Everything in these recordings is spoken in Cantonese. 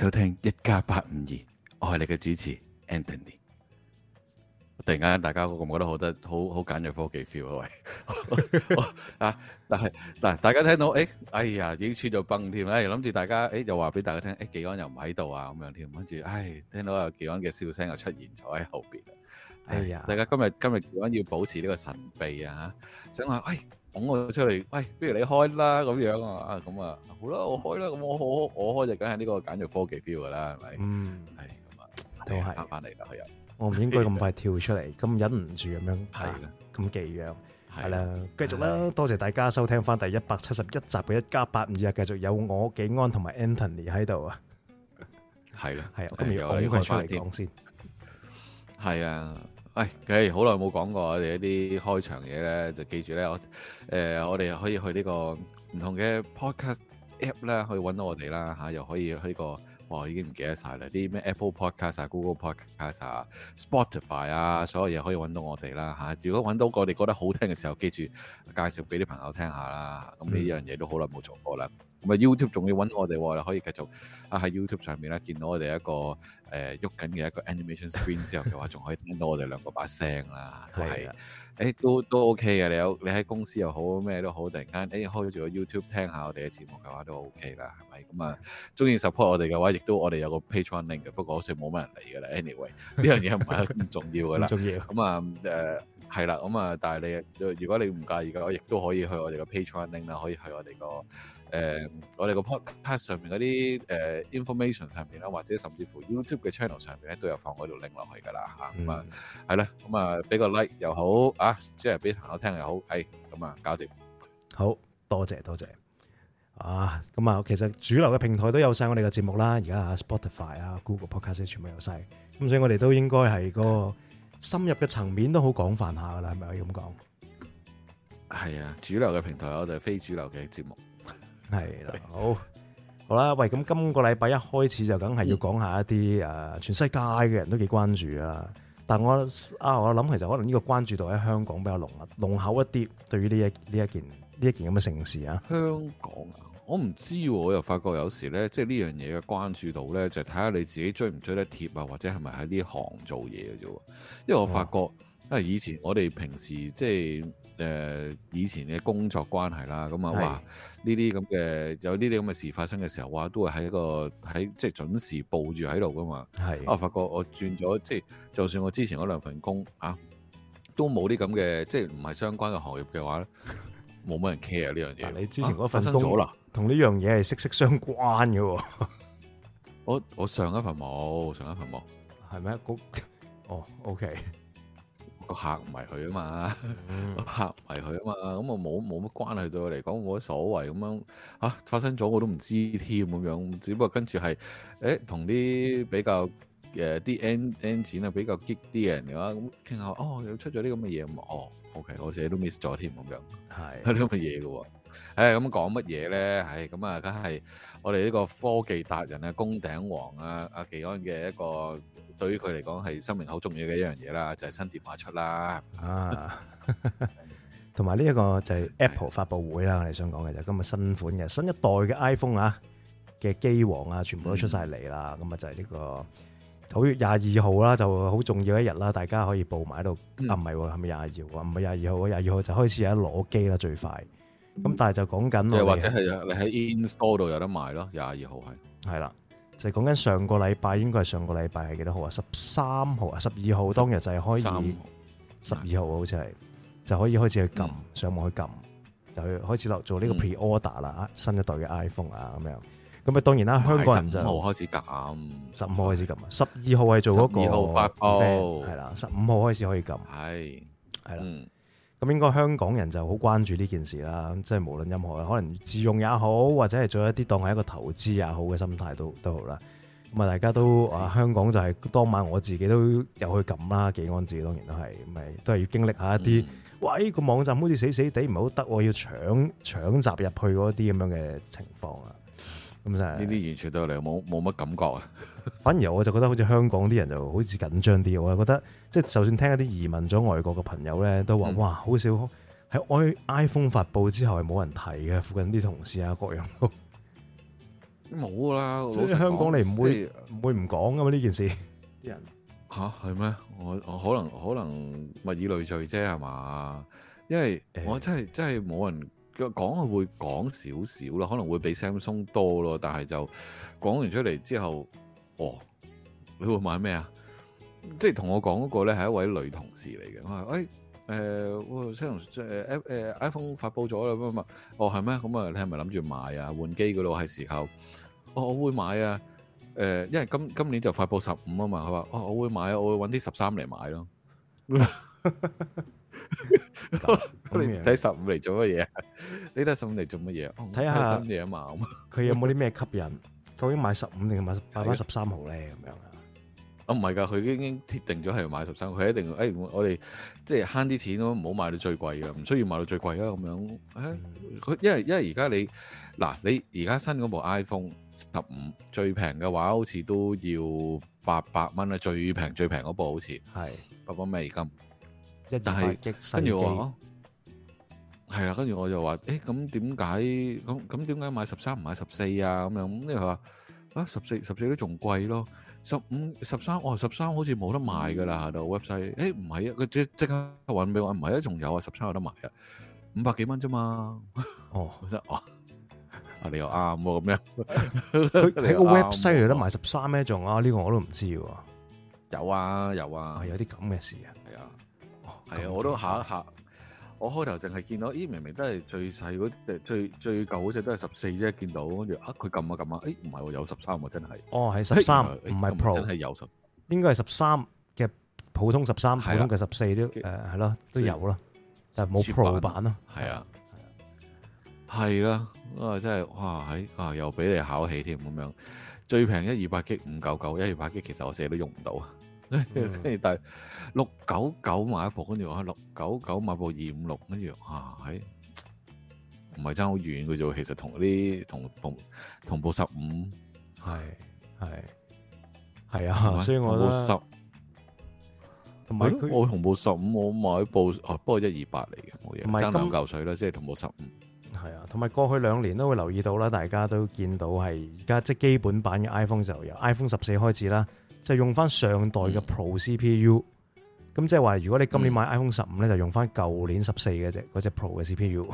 收聽一加八五二，我係你嘅主持 Anthony。突然間大家覺唔覺得好得好好簡約科技 feel 啊？喂啊，但係嗱，大家聽到誒，哎呀已經穿咗蹦添啦，諗住大家誒，又話俾大家聽，誒，紀安又唔喺度啊，咁樣添，諗住，唉，聽到阿紀安嘅笑聲又出現咗喺後邊，哎呀，大家今日今日紀安要保持呢個神秘啊，想話喂。捧我出嚟，喂，不如你開啦咁樣啊，咁啊，好啦，我開啦，咁我我我開就梗係呢個簡約科技 feel 噶啦，係咪？嗯，係，咁啊，都係。翻嚟啦，係啊。我唔應該咁快跳出嚟，咁忍唔住咁樣。係。咁寄樣。係啦，繼續啦，多謝大家收聽翻第一百七十一集嘅一家852，而家繼續有我幾安同埋 Anthony 喺度啊。係咯。係啊，我而家出嚟講先。係啊。喂、哎，佢好耐冇講過我哋一啲開場嘢咧，就記住咧，我誒、呃、我哋可以去呢個唔同嘅 podcast app 啦，去揾到我哋啦嚇、啊，又可以去呢、呢個哇，我已經唔記得晒啦，啲咩 Apple podcast 啊、Google podcast 啊、Spotify 啊，所有嘢可以揾到我哋啦嚇、啊。如果揾到個你覺得好聽嘅時候，記住介紹俾啲朋友聽下啦。咁呢樣嘢都好耐冇做過啦。嗯咁啊 YouTube 仲要揾我哋喎，你可以繼續啊喺 YouTube 上面咧見到我哋一個誒喐緊嘅一個 animation screen 之後嘅話，仲可以聽到我哋兩個把聲啦，都係誒都都 OK 嘅。你有你喺公司又好咩都好，突然間誒開咗住個 YouTube 聽下我哋嘅節目嘅話都 OK 啦，係咪？咁啊鍾意 support 我哋嘅話，亦都我哋有個 Patreon link 嘅，不過好似冇乜人嚟嘅啦。Anyway 呢樣嘢唔係咁重要嘅啦。重要咁啊誒係啦，咁啊但係你如果你唔介意嘅話，我亦都可以去我哋嘅 Patreon link 啦，可以去我哋個。誒、呃，我哋個 podcast 上面嗰啲誒 information 上面啦，或者甚至乎 YouTube 嘅 channel 上面咧，都有放嗰度拎落去噶啦吓，咁、嗯、啊係啦，咁啊俾個 like 又好啊，即係俾朋友聽又好，係咁啊搞掂。好，多謝多謝。啊，咁啊，其實主流嘅平台都有晒我哋嘅節目啦，而家 Spotify 啊、Google Podcast 全部有晒，咁所以我哋都應該係個深入嘅層面都好廣泛下噶啦，係咪可以咁講？係、哎、啊，主流嘅平台我哋非主流嘅節目。係啦，好好啦，喂，咁今個禮拜一開始就梗係要講下一啲誒、嗯，全世界嘅人都幾關注啦，但我啊，我諗其實可能呢個關注度喺香港比較濃濃厚一啲，對於呢一呢一件呢一件咁嘅盛事啊。香港啊，我唔知喎，我又發覺有時咧，即係呢樣嘢嘅關注度咧，就睇、是、下你自己追唔追得貼啊，或者係咪喺呢行做嘢嘅啫。因為我發覺啊、嗯，因為以前我哋平時即係。誒，以前嘅工作關係啦，咁啊話呢啲咁嘅有呢啲咁嘅事發生嘅時候話，都會喺個喺即係準時報住喺度噶嘛。係，我發覺我轉咗即係，就算我之前嗰兩份工啊，都冇啲咁嘅即係唔係相關嘅行業嘅話咧，冇 乜人 care 呢樣嘢。你之前嗰份工作，啊，同呢樣嘢係息息相關噶。 我我上一份冇，上一份冇，係咩？嗰哦，oh,，OK。客唔埋佢啊嘛，唔係佢啊嘛，咁我冇冇乜關係，對我嚟講冇乜所謂咁樣，嚇、啊、發生咗我都唔知添咁樣，只不過跟住係，誒同啲比較誒啲 N N 錢啊比較激啲嘅人嘅話，咁傾下哦，又出咗啲咁嘅嘢喎，哦，OK，我自己都 miss 咗添咁樣，係啲咁嘅嘢嘅喎，唉咁講乜嘢咧？唉咁啊，梗、欸、係、欸、我哋呢個科技達人啊，宮頂王啊，阿奇安嘅一個。對於佢嚟講係生命好重要嘅一樣嘢啦，就係、是、新碟話出啦，新電話出。啊，同埋呢一個就係 Apple 發布會啦，我哋想講嘅就今日新款嘅新一代嘅 iPhone 啊嘅機王啊，全部都出晒嚟啦。咁、嗯、啊就係呢、呢個九月廿二號啦，就好重要一日啦，大家可以報埋喺度。啊，唔係，係咪廿二號？唔係廿二號，廿二號就開始有得攞機啦，最快。咁、嗯、但係就講緊，或者係啊，你喺 In Store 度有得賣咯，廿二號係。係啦。就係講緊上個禮拜，應該係上個禮拜係幾多號啊？十三號啊，十二號當日就係開始，十二號好似係就可以開始去撳、嗯，上網去撳，就去開始落做呢個 pre-order 啦、嗯，新一代嘅 iPhone 啊咁樣。咁啊，當然啦，香港人就十五號開始撳，十五號開始撳啊，十二號係做嗰個發布，係啦，十五號開始可以撳，係係啦。咁應該香港人就好關注呢件事啦，即係無論任何可能自用也好，或者係做一啲當係一個投資也好嘅心態都都好啦。咁啊，大家都、嗯、啊，香港就係、係、當晚我自己都有去撳啦，幾安自己當然都係，咪都係要經歷一下一啲、嗯、哇，呢、呢個網站好似死死地唔係好得，我要搶搶集入去嗰啲咁樣嘅情況啊！咁呢啲完全對我嚟講冇冇乜感覺啊！ 反而我就覺得好似香港啲人就好似緊張啲，我係覺得即係就算聽一啲移民咗外國嘅朋友咧，都話、嗯、哇好少喺 iPhone 發布之後係冇人提嘅，附近啲同事啊，各樣都冇啦。即係香港你唔會唔、就是、會唔講噶嘛呢件事啲人吓係咩？我我可能可能物以類聚啫係嘛？因為我真係、嗯、真係冇人。佢講會講少少咯，可能會比 Samsung 多咯，但係就講完出嚟之後，哦，你會買咩啊？即係同我講嗰個咧係一位女同事嚟嘅，我話誒誒 Samsung iPhone 發布咗啦咁啊嘛，哦係咩？咁啊、嗯，你係咪諗住買啊？換機嗰咯，係時候、哦，我會買啊。誒、呃，因為今今年就發布十五啊嘛，佢話哦，我會買，我會揾啲十三嚟買咯。 睇十五嚟做乜嘢？你睇十五嚟做乜嘢？睇下乜嘢啊嘛？佢有冇啲咩吸引？究 竟買十五定係買返十三號咧？咁樣啊？唔係噶，佢已經鐵定咗係買十三，佢一定誒、哎，我哋即係慳啲錢咯，唔好買到最貴嘅，唔需要買到最貴啊，咁樣佢因為因為而家你嗱，你而家新嗰部 iPhone 十五最平嘅話，好似都要八百蚊啊，最平最平嗰部好似係八百美金。但係，跟住我，係啦，跟住我就話，誒、欸，咁點解咁咁點解買十三唔買十四啊？咁樣咁佢話，啊，十四十四都仲貴咯，十五十三，哦，十三好似冇得賣噶啦喺 website，誒，唔係啊，佢即即刻揾俾我，唔係啊，仲有 他 啊，十三有得賣啊，五百幾蚊啫嘛，哦，啊你又啱喎，咁樣喺個 website 有得賣十三咩仲啊？呢個我都唔知喎，有啊有啊，有啲咁嘅事啊，係啊。係、啊，我都下一下，我開頭淨係見到，咦，明明都係最細嗰，最最舊嗰隻都係十四啫，見到跟住，啊，佢撳下撳下，誒，唔係、啊，有十三喎，真係。哦，係十三，唔係 Pro，真係有十，應該係十三嘅普通十三，普通嘅十四都誒係咯，都有啦，但係冇 Pro 版咯。係啊，係啦、啊，啊,啊真係，哇，喺、哎、啊又俾你考起添咁樣，最平一二八 G 五九九，一二八 G 其實我成日都用唔到啊。跟住第六九九買一部，跟住話六九九買部二五六，跟住啊，喺唔係爭好遠佢就其實同啲同同同步十五，係係係啊。十，所以我同步十同埋我同步十五，我買一部啊，不過一二八嚟嘅冇嘢，爭兩嚿水啦。即係就係同步十五，係啊。同埋過去兩年都會留意到啦，大家都見到係而家即係基本版嘅 iPhone 就由 iPhone 十四開始啦。就是、用翻上代嘅 Pro CPU，咁、嗯、即係話，如果你今年買 iPhone 十五咧，就用翻舊年十四嘅隻，嗰隻 Pro 嘅 CPU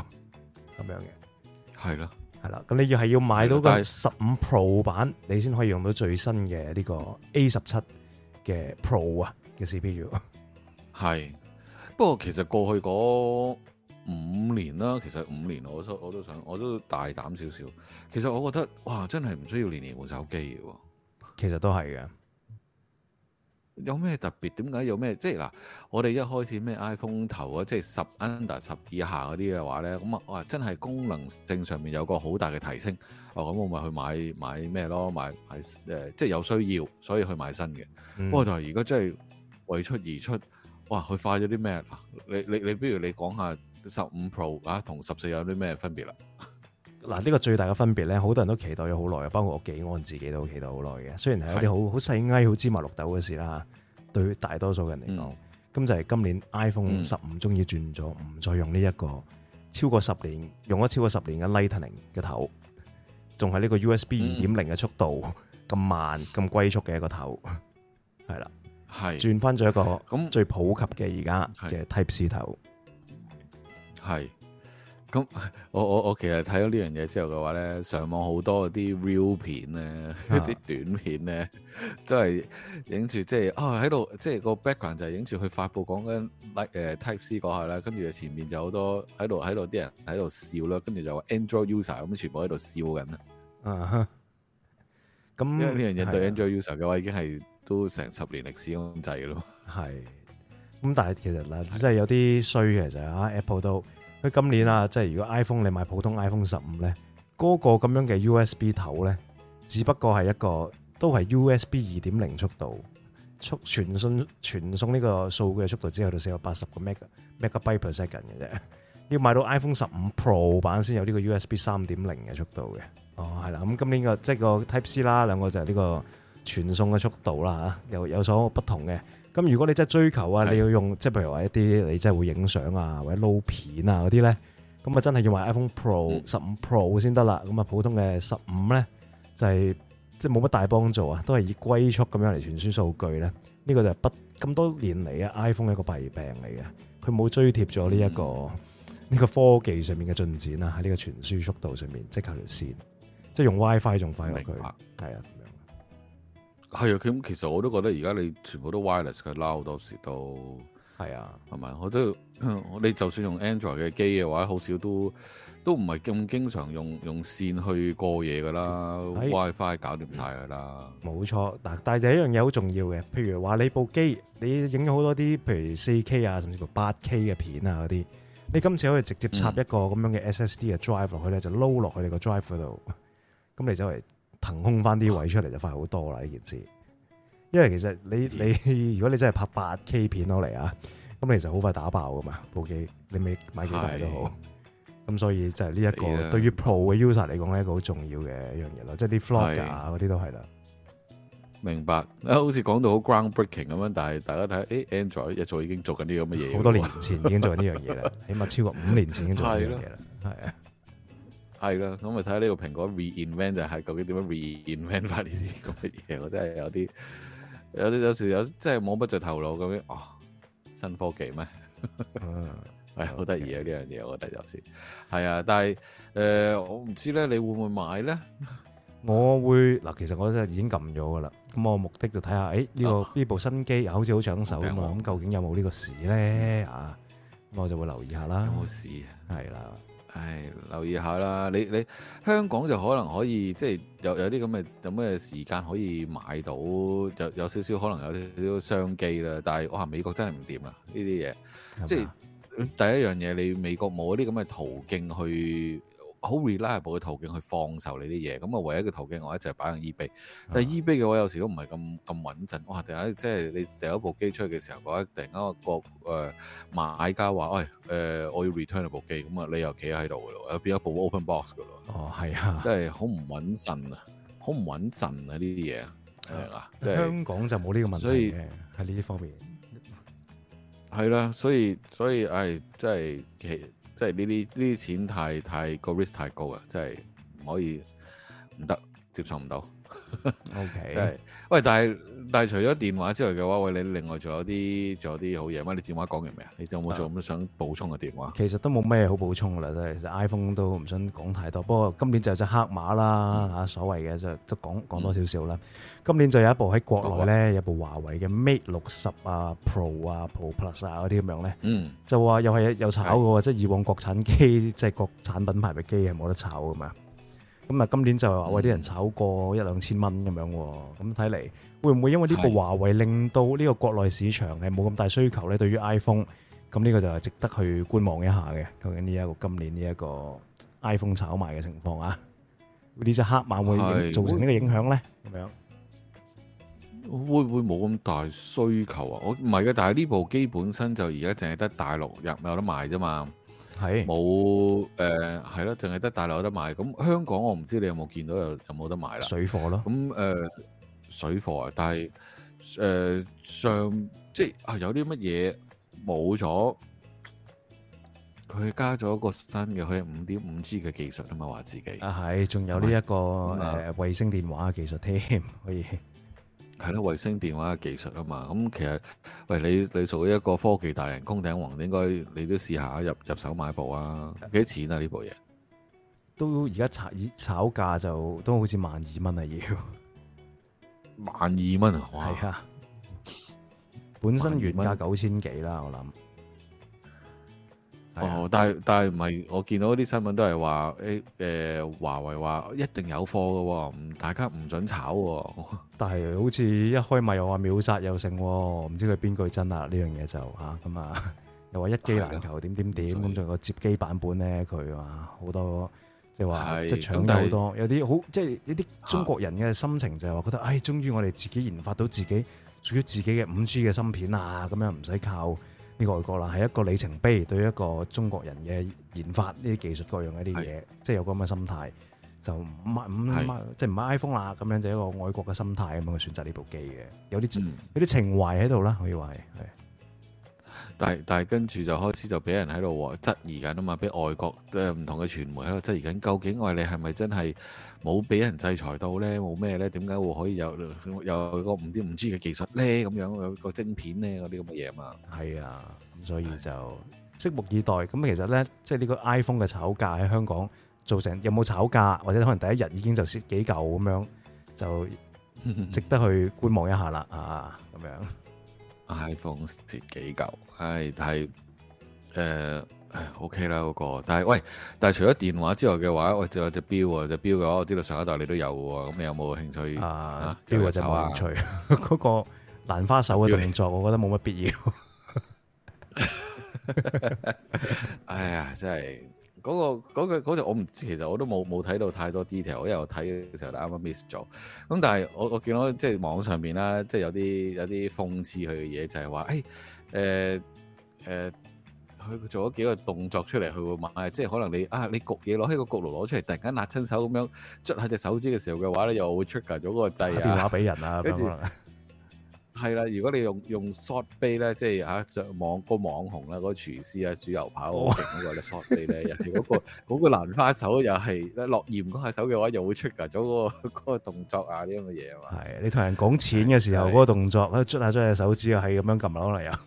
咁樣嘅。係咯，係啦，咁你要係要買到個十五 Pro 版，你先可以用到最新嘅呢個 A 十七嘅 Pro 啊嘅 CPU。係，不過其實過去嗰五年啦，其實五年我都我都想我都大膽少少。其實我覺得哇，真係唔需要年年換手機嘅。其實都係嘅。有咩特別？點解有咩？即係嗱，我哋一開始咩 iPhone 頭啊，即係十 under 十以下嗰啲嘅話咧，咁啊，哇！真係功能性上面有個好大嘅提升，哦，咁我咪去買買咩咯。買買誒、呃，即係有需要，所以去買新嘅。不、嗯、過就係如果真係為出而出，哇！佢快咗啲咩？你你你，不如你講下十五 Pro 啊，同十四有啲咩分別啦。嗱、啊，呢、這個最大嘅分別咧，好多人都期待咗好耐嘅，包括我紀安自己都期待好耐嘅。雖然係一啲好好細埃、好芝麻綠豆嘅事啦嚇，對大多數人嚟講，咁、嗯、就係今年 iPhone 十、嗯、五終於轉咗，唔再用呢、這、一個超過十年、用咗超過十年嘅 Lightning 嘅頭，仲係呢個 USB 二點零嘅速度咁慢、咁龜速嘅一個頭，係、嗯、啦，係 轉翻咗一個咁最普及嘅而家嘅 Type C 頭。係。咁我我我其實睇咗呢樣嘢之後嘅話咧，上網好多嗰啲 real 片咧，啲、啊、 短片咧，都係影住即係啊喺度，即係個 background 就係影住佢發佈講緊 like 誒 type C 過去啦，跟住前面就好多喺度喺度啲人喺度笑啦，跟住就話 Android user 咁，全部喺度笑緊啦。咁呢樣嘢對 Android user 嘅話，已經係都成十年歷史咁滯咯。係，咁但係其實咧，真係有啲衰嘅就係啊，Apple 都。今年啊，即係如果 iPhone 你買普通 iPhone 十五咧，嗰個咁樣嘅 USB 頭咧，只不過係一個都係 USB 二點零速度，速傳送傳送呢個數據嘅速度之後就四百八十個 mega mega byte per second 嘅啫。要買到 iPhone 十五 Pro 版先有呢個 USB 三點零嘅速度嘅。哦，係啦，咁、嗯、今年個即係個 Type C 啦，兩個就係呢個傳送嘅速度啦，吓有有所有不同嘅。咁如果你真係追求啊，你要用即係譬如話一啲你真係會影相啊或者撈片啊嗰啲咧，咁啊真係要買 iPhone Pro 十五 Pro 先得啦。咁啊普通嘅十五咧就係即係冇乜大幫助啊，都係以龜速咁樣嚟傳輸數據咧。呢個就係不咁多年嚟啊 iPhone 一個弊病嚟嘅，佢冇追貼咗呢一個呢個科技上面嘅進展啊，喺呢個傳輸速度上面即係靠條線，即係用 WiFi 仲快過佢，係啊。係啊，咁其實我都覺得而家你全部都 wireless 佢撈好多時都係啊，係咪？我都我你就算用 Android 嘅機嘅話，好少都都唔係咁經常用用線去過嘢㗎啦，WiFi 搞掂晒㗎啦。冇、嗯嗯、錯，但但係就係一樣嘢好重要嘅，譬如話你部機你影咗好多啲，譬如 4K 啊，甚至乎 8K 嘅片啊嗰啲，你今次可以直接插一個咁樣嘅 SSD 嘅 drive 落、嗯、去咧，就撈落去你個 drive 度，咁你就嚟。騰空翻啲位出嚟，就快好多啦！呢件事，因為其實你你如果你真係拍八 K 片落嚟啊，咁其實好快打爆噶嘛，部機你未買幾大都好。咁所以就係呢一個對於 Pro 嘅 User 嚟講，係一個好重要嘅一樣嘢咯，即係啲 Vlogger 嗰啲都係啦。明白，好似講到好 Groundbreaking 咁樣，但係大家睇，誒、哎、Android 一早已經做緊呢咁嘅嘢，好多年前已經做緊呢樣嘢啦， 起碼超過五年前已經做呢樣嘢啦，係啊。係噶，咁咪睇下呢個蘋果 reinvent 就係究竟點樣 reinvent 翻呢啲咁嘅嘢？我真係有啲有啲有時有即係摸不着頭腦咁樣。哦，新科技咩？係好得意啊！呢樣嘢我覺得有時係啊，但係誒、呃，我唔知咧，你會唔會買咧？我會嗱，其實我真係已經撳咗噶啦。咁我目的就睇下，誒、欸、呢、這個呢、啊、部新機又好似好搶手喎。咁、啊嗯、究竟有冇呢個事咧？啊，咁我就會留意下啦。冇事，啊？係啦。唉，留意下啦，你你香港就可能可以，即係有有啲咁嘅，有咩時間可以買到，有有少少可能有啲啲商機啦。但係，哇，美國真係唔掂啊，呢啲嘢，即係第一樣嘢，你美國冇啲咁嘅途徑去好 reliable 嘅途徑去放售你啲嘢，咁啊唯一嘅途徑我一就係擺上 eBay 但係 eBay 嘅話我有時都唔係咁咁穩陣，哇！突然間即係你第一部機出嚟嘅時候，一突然間個誒、呃、買家話，喂、哎、誒、呃，我要 return 一部機，咁啊你又企喺度嘅咯，變咗部 open box 嘅咯。哦，係啊，即係好唔穩陣啊，好唔穩陣啊呢啲嘢係啊，香港就冇呢個問題，喺呢啲方面係啦，所以、啊、所以誒，即係、哎、其。即係呢啲錢太太 risk 太高呀，即係唔可以唔得，接受唔到。O、okay. K，即係喂，但係但係除咗電話之外嘅話，喂，你另外仲有啲仲有啲好嘢咩？你電話講完未啊？你仲有冇做咩想補充嘅電話？其實都冇咩好補充啦，都係。其實 iPhone 都唔想講太多。不過今年就係隻黑馬啦嚇、嗯，所謂嘅就都講講多少少啦。今年就有一部喺國內咧、嗯，有部華為嘅 Mate 六十啊 Pro 啊 Pro Plus 啊嗰啲咁樣咧，嗯，就話又係有炒嘅喎，即係以往國產機即係國產品牌嘅機係冇得炒咁樣。咁啊，今年就話為啲人炒過一、嗯、兩千蚊咁樣喎。咁睇嚟，會唔會因為呢部華為令到呢個國內市場係冇咁大需求咧？對於 iPhone，咁呢個就係值得去觀望一下嘅。究竟呢一個今年呢一個 iPhone 炒賣嘅情況啊，呢隻黑馬會造成呢個影響咧？咁樣會唔會冇咁大需求啊？我唔係嘅，但係呢部機本身就而家淨係得大陸入有得賣啫嘛。係冇誒，係咯，淨係得大陸有得賣。咁香港我唔知你有冇見到，有有冇得賣啦？水貨咯。咁誒、呃，水貨啊！但係誒、呃、上即係啊，有啲乜嘢冇咗？佢加咗一個新嘅，佢係五點五 G 嘅技術啊嘛，話自己啊係，仲有呢、這、一個誒衛、呃、星電話嘅技術添，可以。係咯，衛星電話嘅技術啊嘛，咁其實，喂，你你做一個科技大型空頂王，應該你都試下入入手買部啊？幾錢啊？呢部嘢都而家炒炒價就都好似萬二蚊啊，要萬二蚊啊！係啊，本身原價九千幾啦，我諗。是啊、哦，但係、啊、但係唔係？我見到啲新聞都係話，誒、欸、誒、呃，華為話一定有貨嘅喎，唔大家唔准炒喎。但係好似一開賣又話秒殺又剩，唔知佢邊句真啊？呢樣嘢就嚇咁啊，又話一機難求、啊，點點點咁仲有個折機版本咧，佢話好多即係話即係搶得好多，就是、多有啲好即係一啲、就是、中國人嘅心情就係話覺得，唉、啊哎，終於我哋自己研發到自己屬於自己嘅五 G 嘅芯片啊，咁樣唔使靠。呢個外國啦，係一個里程碑對一個中國人嘅研發呢啲技術各樣一啲嘢，即係有咁嘅心態，就唔係唔係，即係唔係 iPhone 啦咁樣，就係、一個愛國嘅心態咁去選擇呢部機嘅，有啲有啲情懷喺度啦，可以話係係。但係但跟住就開始就俾人喺度質疑緊啊嘛，俾外國有唔、呃、同嘅傳媒喺度質疑緊，究竟愛你係咪真係冇俾人制裁到咧？冇咩咧？點解會可以有有個五點唔 G 嘅技術咧？咁樣個個晶片咧，嗰啲咁嘅嘢啊嘛。係啊，咁所以就拭目以待。咁其實咧，即係呢個 iPhone 嘅炒價喺香港造成有冇炒價，或者可能第一日已經就蝕幾嚿咁樣，就值得去觀望一下啦 啊咁樣。iPhone 幾舊？唉，但係誒誒 OK 啦嗰個，但係喂，但係除咗電話之外嘅話，我仲有隻錶，隻錶嘅話我知道上一代你都有喎，咁你有冇興趣？啊，錶有冇興趣？嗰個蘭花手嘅動作我覺得冇乜必要。啊、 哎呀，真係～嗰、那個嗰、那個那個我唔知，其實我都冇冇睇到太多 detail，因為我睇嘅時候咧啱啱 miss 咗。咁但係我我見到即係、就是、網上邊啦，即、就、係、是、有啲有啲諷刺佢嘅嘢，就係話誒誒誒，佢、哎呃呃、做咗幾個動作出嚟，佢會買，即、就、係、是、可能你啊你焗嘢攞起個焗爐攞出嚟，突然間握親手咁樣捽下隻手指嘅時候嘅話咧，又會出格咗嗰個掣啊電話俾人啊，係啦，如果你用用 Salt Bae 咧，即係嚇著網嗰個網紅啦，嗰個廚師啊，煮牛扒勁嗰、oh. 個咧 Salt Bae 咧，人哋嗰個嗰個蘭花手又係落鹽嗰下手嘅話，又會出㗎，咗、那、嗰個動動作啊啲咁嘅嘢啊嘛。係，你同人講錢嘅時候嗰個動作咧，捽下捽下手指啊，係咁樣撳撈嚟啊。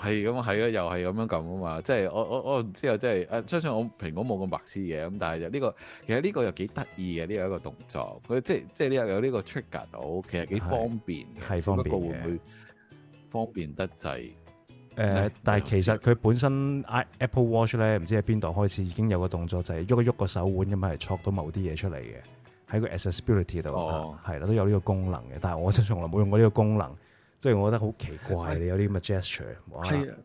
係咁係咯，又係咁樣咁啊嘛，即係我我我唔知啊，即係啊相信，我蘋果冇咁白痴嘅，咁但係就呢個，其實呢個又幾得意嘅，呢、呢個、一個動作，佢即係即係呢有有呢個 trigger 到，其實幾方便，係方便嘅。那個、會唔會方便得滯？誒、嗯，但係其實佢本身 Apple Watch 咧，唔知喺邊度開始已經有個動作，就係、是、喐一喐個手腕咁係戳到某啲嘢出嚟嘅，喺個 Accessibility 度，係、哦、啦、嗯、都有呢個功能嘅，但係我就從來冇用過呢個功能。即係我覺得好奇怪，你有啲 gesture。係啊，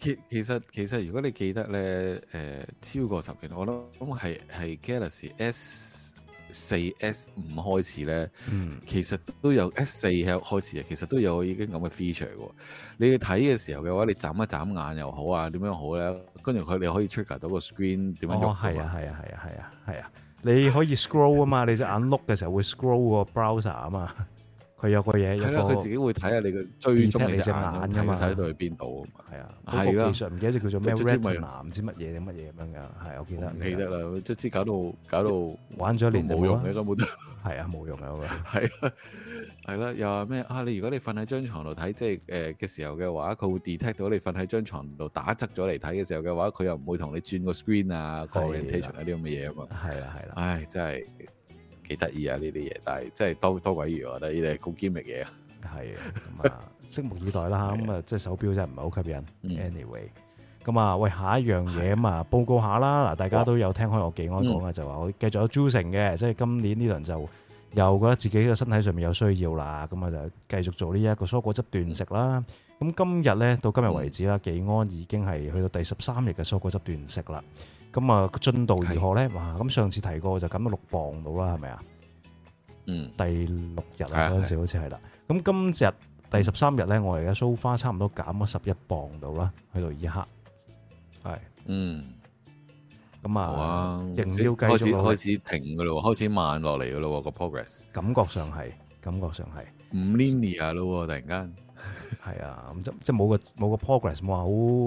其其實其實如果你記得咧，誒、呃、超過十幾年，我諗咁係係 Galaxy S 四 S 五開始咧、嗯，其實都有 S 四開始啊。其實都有已經咁嘅 feature 喎。你去睇嘅時候嘅話，你眨一眨眼又好啊，點樣好咧？跟住佢你可以 trigger 到個 screen 點樣用？哦、啊？係啊，係啊，係啊，係啊，係啊，你可以 scroll 啊嘛， 你隻眼碌嘅時候會 scroll 個 browser 啊嘛。佢有個嘢，係啦，佢自己會睇下你嘅追蹤你隻眼嘅嘛，睇到去邊度啊嘛，係啊，係啦，其實唔記得咗叫做咩，男之乜嘢定乜嘢咁樣嘅。係我記得，記得啦，即係知搞到搞到玩咗年冇用嘅根本都，係啊冇用啊，係啊係啦，又話咩啊？你如果你瞓喺張床度睇，即係誒嘅時候嘅話，佢會 detect 到你瞓喺張床度打側咗嚟睇嘅時候嘅話，佢又唔會同你轉個 screen 啊，content 啊呢啲咁嘅嘢啊嘛，係啦係啦，唉真係～.幾得意啊，呢啲嘢，但係即係多多鬼語，我覺得呢啲係好堅嘅嘢。係啊，拭目以待啦！咁啊，即係手表真係唔係好吸引。anyway，咁啊，喂，下一樣嘢咁啊，報告下啦。嗱，大家都有聽開我紀安講嘅，就話我繼續有 juicing 嘅，即係今年呢輪就又覺得自己個身體上面有需要啦，咁啊就繼續做呢一個蔬果汁斷食啦。咁今日咧到今日為止啦，紀安已經係去到第十三日嘅蔬果汁斷食啦。咁啊，進度如何咧？哇！咁上次提過就減咗六磅到啦，係咪啊？嗯，第六日啊，嗰時好似係啦。咁今日第十三日咧，我而家蘇花差唔多減咗十一磅去到啦，喺度以黑。係，嗯。咁啊，亦都開始開始停嘅咯，開始慢落嚟嘅咯，個 progress。感覺上係，感覺上係。唔 linear 咯，突然間。係 啊，咁即即冇個冇個 progress，冇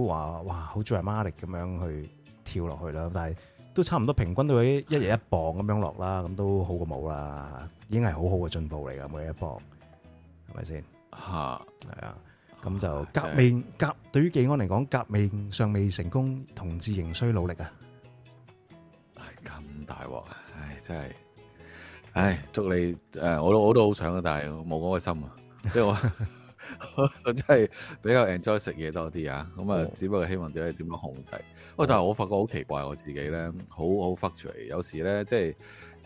話好話哇好 dramatic 咁樣去。跳落去啦，但係都差唔多平均都有一日一磅咁樣落啦，咁都好過冇啦，已經係好好嘅進步嚟噶，每一磅係咪先？吓，係啊，咁就革命革，對於技安嚟講，革命尚未成功，同志仍需努力啊！咁大鑊啊！唉，真係，唉，祝你誒，我我都好想啊，但係冇嗰個心啊，即係我。 我真係比較 enjoy 食嘢多啲啊，咁啊，只不過希望點咧點樣控制。不、哦哦、但係我發覺好奇怪我自己咧，好好 fuck 出嚟。有時咧，即係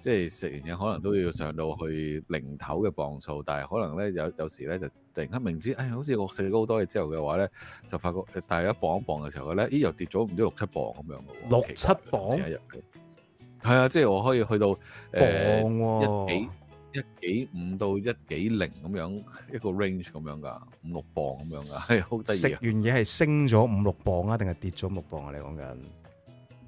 即係食完嘢可能都要上到去零頭嘅磅數，但係可能咧有有時咧就突然間明知，哎，好似我食咗好多嘢之後嘅話咧，就發覺誒，但係一磅一磅嘅時候咧，咦又跌咗唔知六七磅咁樣嘅。六七磅。前一日嘅。係啊，即係我可以去到誒、啊呃、一幾。一幾五到一幾零咁樣一個 range 咁樣噶，五六磅咁樣噶，係好低。食完嘢係升咗五六磅啊，定係跌咗五六磅啊？你講緊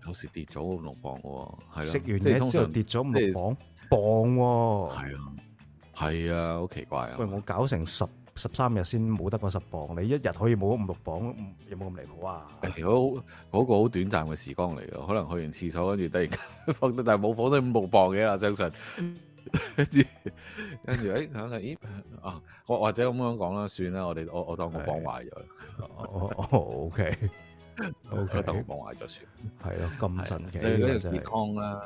有時跌咗五六磅嘅，係食完嘢之後跌咗五六磅磅，係啊係啊，好奇怪啊！喂，我搞成十十三日先冇得個十磅，你一日可以冇咗五六磅，有冇咁離譜啊？嗰個好短暫嘅時光嚟嘅，可能去完廁所跟住突然放，但係冇火都五六磅嘅啦，相信。跟 住，跟住，誒，睇睇，咦，啊，或或者咁樣講啦，算啦，我哋，我我當我講壞咗 O K，O K，當佢講壞咗算了，係咯，咁神奇，就呢個健康啦，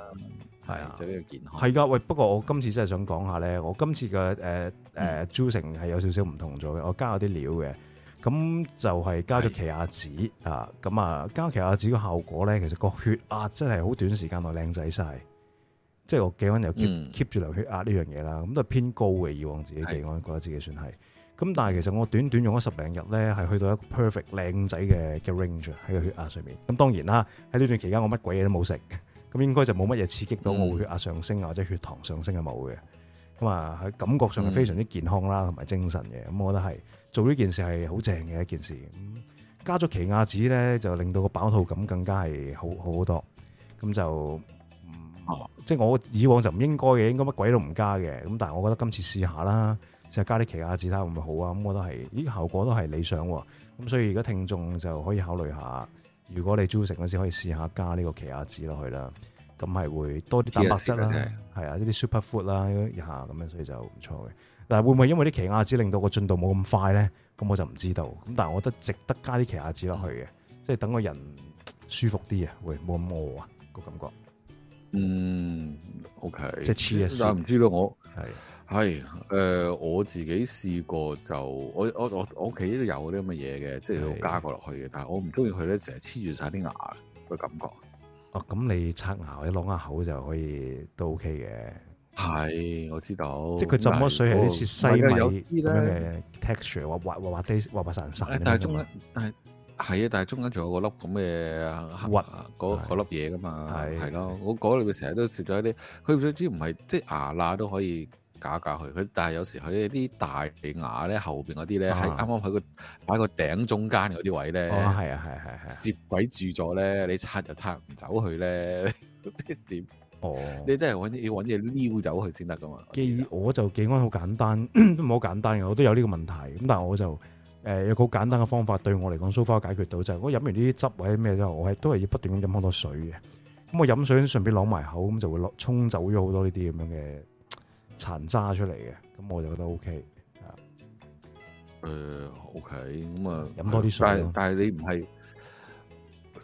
係啊，就要健康，係噶，喂，不過我今次真係想講下咧，我今次嘅誒誒，朱成係有少少唔同咗嘅，我加咗啲料嘅，咁就係加咗奇亞籽啊，咁啊，加奇亞籽個效果咧，其實個血壓真係好短時間內靚仔晒。即係我健康又 keep keep 住流血壓呢樣嘢啦，咁、嗯、都係偏高嘅。以往自己健康、嗯、覺得自己算係，咁、嗯、但係其實我短短用咗十零日咧，係去到一個 perfect 靚仔嘅嘅 range 喺個血壓上面。咁當然啦，喺呢段期間我乜鬼嘢都冇食，咁 應該就冇乜嘢刺激到我、嗯、血壓上升啊，或者血糖上升係冇嘅。咁、嗯、啊喺感覺上係非常之健康啦，同、嗯、埋精神嘅。咁我覺得係做呢件事係好正嘅一件事。加咗奇亞籽咧，就令到個飽肚感更加係好好好多。咁就。即係我以往就唔應該嘅，應該乜鬼都唔加嘅。咁但係我覺得今次試下啦，試下加啲奇亞籽睇下會唔會好啊？咁我覺得係，咦效果都係理想喎。咁所以而家聽眾就可以考慮下，如果你煮食嗰時候可以試下加呢個奇亞籽落去啦。咁係會多啲蛋白質啦，係啊，呢啲 super food 啦，下咁樣，所以就唔錯嘅。但係會唔會因為啲奇亞籽令到個進度冇咁快咧？咁我就唔知道。咁但係我覺得值得加啲奇亞籽落去嘅，即係等個人舒服啲啊，會冇咁餓啊個感覺。嗯，OK，即係黐一線，但係唔知道我，我係係誒我自己試過就我我我我屋企都有啲咁嘅嘢嘅，即係加過落去嘅，但係我唔中意佢咧，成日黐住晒啲牙嘅感覺。哦，咁你刷牙或者啷下口就可以都 OK 嘅。係，我知道。即係佢浸咗水係啲似西米咁嘅 texture，滑滑滑地滑滑散散。但係中一但，但。係啊，但係中間仲有個粒咁嘅核，嗰嗰粒嘢噶嘛，係咯。我嗰裏面成日都攝咗一啲，佢唔知唔係即係牙罅都可以搞搞佢。佢但係有時佢啲大牙咧後邊嗰啲咧，係啱啱喺個喺個頂中間嗰啲位咧，哦，係啊，係係係，攝鬼住咗咧，你拆就拆唔走佢咧，點？哦你，你都係揾要揾嘢撩走佢先得噶嘛。記我就記安好簡單，唔好簡單嘅，我都有呢個問題咁，但係我就。誒、呃、有個好簡單嘅方法對我嚟講，蘇花解決到就係、是、我飲完呢啲汁或者咩之後，我係都係要不斷咁飲好多水嘅。咁我飲水順便攞埋口，咁就會攞沖走咗好多呢啲咁樣嘅殘渣出嚟嘅。咁我就覺得 OK、啊。誒、呃、OK，咁啊飲多啲水、呃。但係你唔係、呃、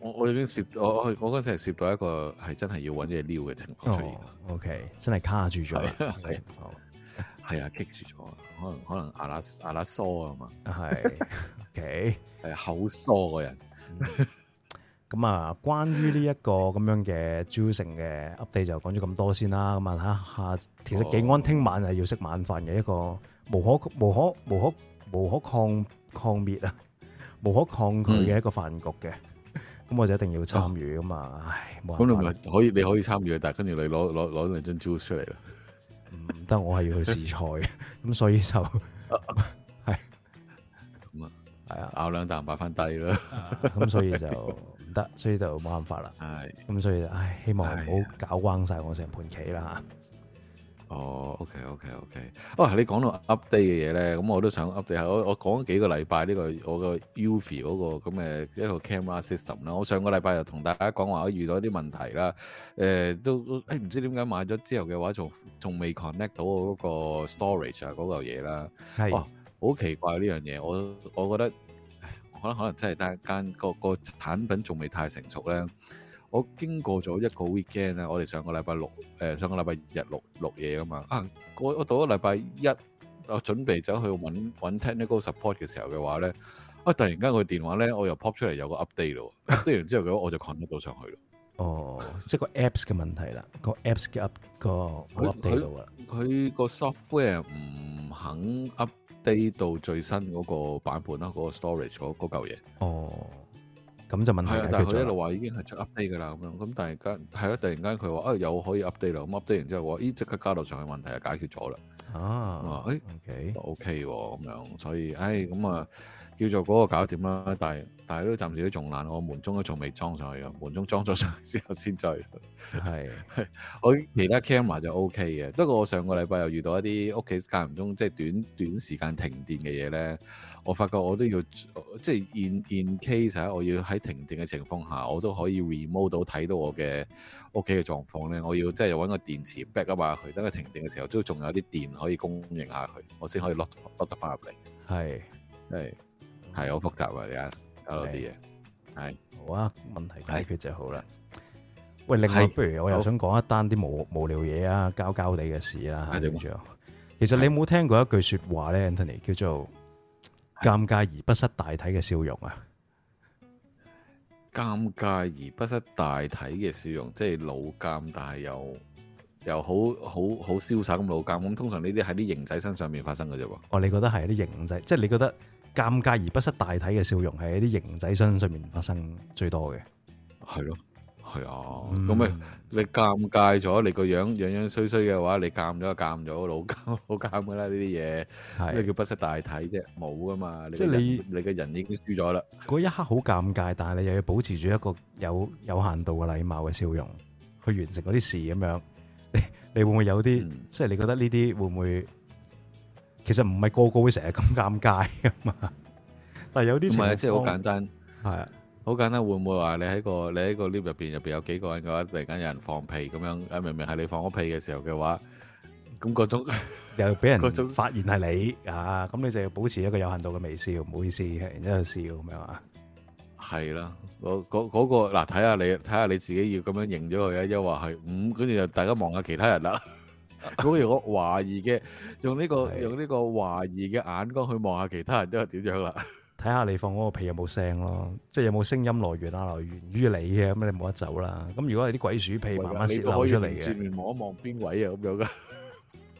我我已經涉我我嗰陣時係涉到一個係真係要揾嘢撩嘅情況出現。哦、OK，真係卡住咗嘅情況，係啊，棘住咗。可能可能阿拉阿拉疏啊嘛，係，OK，係口疏嘅人。咁、嗯、 啊，關於呢一個咁樣嘅 juicing 嘅 update 就講咗咁多先啦。咁啊，吓，其實紀安聽、哦、晚係要食晚飯嘅一個無可無可無可無可抗抗滅啊，無可抗拒嘅一個飯局嘅。咁、嗯、我就一定要參與啊嘛、啊，唉，咁你咪可以你可以參與，但係跟住你攞攞攞兩張 juice 出嚟啦。唔得，我係要去試菜嘅，咁 所以就係咁啊，係啊，咬兩啖擺翻低啦，咁、啊、所以就唔得， 所以就冇辦法啦，係，咁所以就唉，希望唔好搞崩晒我成盤棋啦吓。哦，OK，OK，OK。哇，你講到 update 嘅嘢咧，咁我都想 update 下。我我講幾個禮拜呢個我個 UniFi 嗰個咁嘅一個 camera system 啦。我上個禮拜又同大家講話，我遇到一啲問題啦。誒，都誒唔知點解買咗之後嘅話，仲仲未 connect 到我嗰個 storage 啊嗰嚿嘢啦。係，哇，好奇怪呢樣嘢。我我覺得，我覺得可能真係單間個個產品仲未太成熟咧。我經過咗一個 weekend 個、呃、個啊，我哋上個禮拜六，誒上個禮拜日錄錄嘢噶嘛啊，我我到咗禮拜一，我準備走去揾揾 technical support 嘅時候嘅話咧，啊突然間佢電話咧，我又 pop 出嚟有個 update 咯 u p 之後嘅話我就群咗到上去咯。哦， 即係個 apps 嘅問題啦，個 apps 嘅 up 個 update 到啊，佢個 software 唔肯 update 到最新嗰個版本啦，嗰、那個 storage 嗰嗰嚿嘢。哦。咁就問題啊！但係佢一路話已經係出 update 㗎啦，咁樣咁，突然間係咯，突然間佢話啊，又可以 update 啦，咁 update 完之後話，咦，即刻交到上去，問題就解決咗啦啊！誒、哎，OK OK 咁樣，所以，唉、哎，咁啊。叫做嗰個搞掂啦，但係但係都暫時都仲懶，我門鐘都仲未裝上去啊，門鐘裝咗上去之後先再係。的 我其他 camera 就 OK 嘅，不過我上個禮拜又遇到一啲屋企間唔中即係、就是、短短時間停電嘅嘢咧，我發覺我都要即係、就是、in in case 我要喺停電嘅情況下，我都可以 remote 到睇到我嘅屋企嘅狀況咧。我要即係揾個電池 back 啊嘛，佢等佢停電嘅時候都仲有啲電可以供應下佢，我先可以 load load 得翻入嚟。係係。係好複雜啊！而家搞到啲嘢，係、okay. 好啊。問題解決就好啦。喂，另外，不如我又想講一單啲無無聊嘢啊，膠膠地嘅事啦、啊。係正常。其實你有冇聽過一句說話咧，Anthony 叫做尷尬而不失大體嘅笑容啊？尷尬而不失大體嘅笑容，即係老尷，但係又又好好好瀟灑咁老尷。咁通常呢啲喺啲型仔身上面發生嘅啫。哦，你覺得係啲型仔？即係你覺得？尷尬而不失大體嘅笑容，係喺啲型仔身上面發生最多嘅，係咯，係啊，咁、嗯、咪你尷尬咗，你個樣樣樣衰衰嘅話，你尷咗就尷咗，老，老尷老尷噶啦呢啲嘢，咩叫不失大體啫？冇啊嘛，即係你你嘅人，人已經輸咗啦。嗰一刻好尷尬，但係你又要保持住一個有有限度嘅禮貌嘅笑容，去完成嗰啲事咁樣，你你會唔會有啲、嗯？即係你覺得呢啲會唔會？其實唔係個個會成日咁尷尬啊嘛，但係有啲唔係，即係好簡單，係啊，好簡單。會唔會話你喺個你喺個 lift 入邊入邊有幾個人嘅話，突然間有人放屁咁樣，誒，明明係你放咗屁嘅時候嘅話，咁嗰種又俾人嗰種發現係你啊，咁你就要保持一個有限度嘅微笑，唔好意思，然之後笑咁樣啊，係啦，嗰嗰嗰個嗱，睇下，你睇下你自己要咁樣認咗佢啊，又話係五，跟住就大家望下其他人啦。 如果如果懷疑嘅，用呢、呢個用呢個懷疑嘅眼光去望下其他人都係點樣啦？睇下你放嗰個屁有冇聲咯，即係有冇聲音來源啊，來源於你嘅，咁你冇得走啦。咁如果係啲鬼鼠屁慢慢洩漏，漏出嚟嘅，你面望一望邊位 啊，咁樣噶。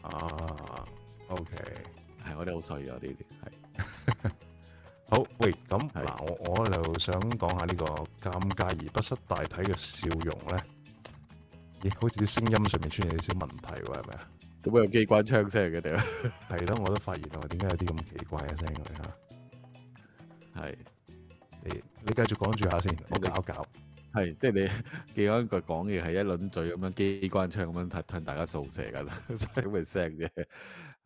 啊，OK，係我哋好衰啊呢啲，係。 好，喂，咁嗱，我我就想講下呢個尷尬而不失大體嘅笑容咧。咦，好似啲聲音上面出現啲小問題喎，係咪啊？點會有機關槍聲嘅？點？係咯，我都發現我點解有啲咁奇怪嘅聲嘅？嚇，係你你繼續講住下先，我搞搞，係即係你記緊句講嘢係一輪嘴咁樣機關槍咁樣替替大家掃射㗎啦，真係咁嘅聲嘅，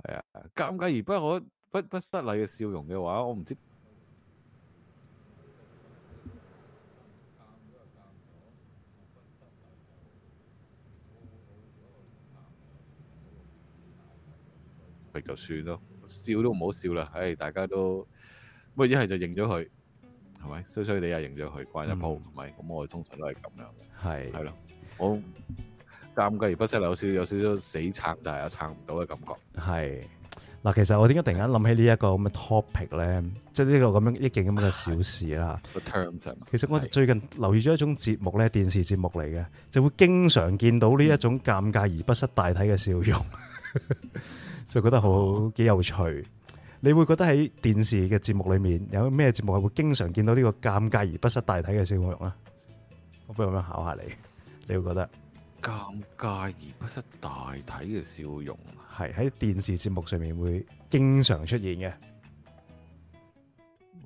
係啊，尷尬而不可不不失禮嘅笑容嘅話，我唔知。就算咯，笑都唔好笑啦。唉，大家都乜一係就認咗佢，係咪？所以你又認咗佢，掛一鋪，唔係？咁我哋通常都係咁樣嘅。係係咯，好尷尬而不失有少有少少死撐，但係又撐唔到嘅感覺。係嗱，其實我點解突然間諗起呢一個咁嘅 topic 咧？即係呢個咁樣一件咁嘅小事啦。個 term 其實我最近留意咗一種節目咧，電視節目嚟嘅，就會經常見到呢一種尷尬而不失大體嘅笑容。就覺得好幾有趣，你會覺得喺電視嘅節目裏面有咩節目係會經常見到呢個尷尬而不失大體嘅笑容咧？我不如咁樣考下你，你會覺得尷尬而不失大體嘅笑容係喺電視節目上面會經常出現嘅？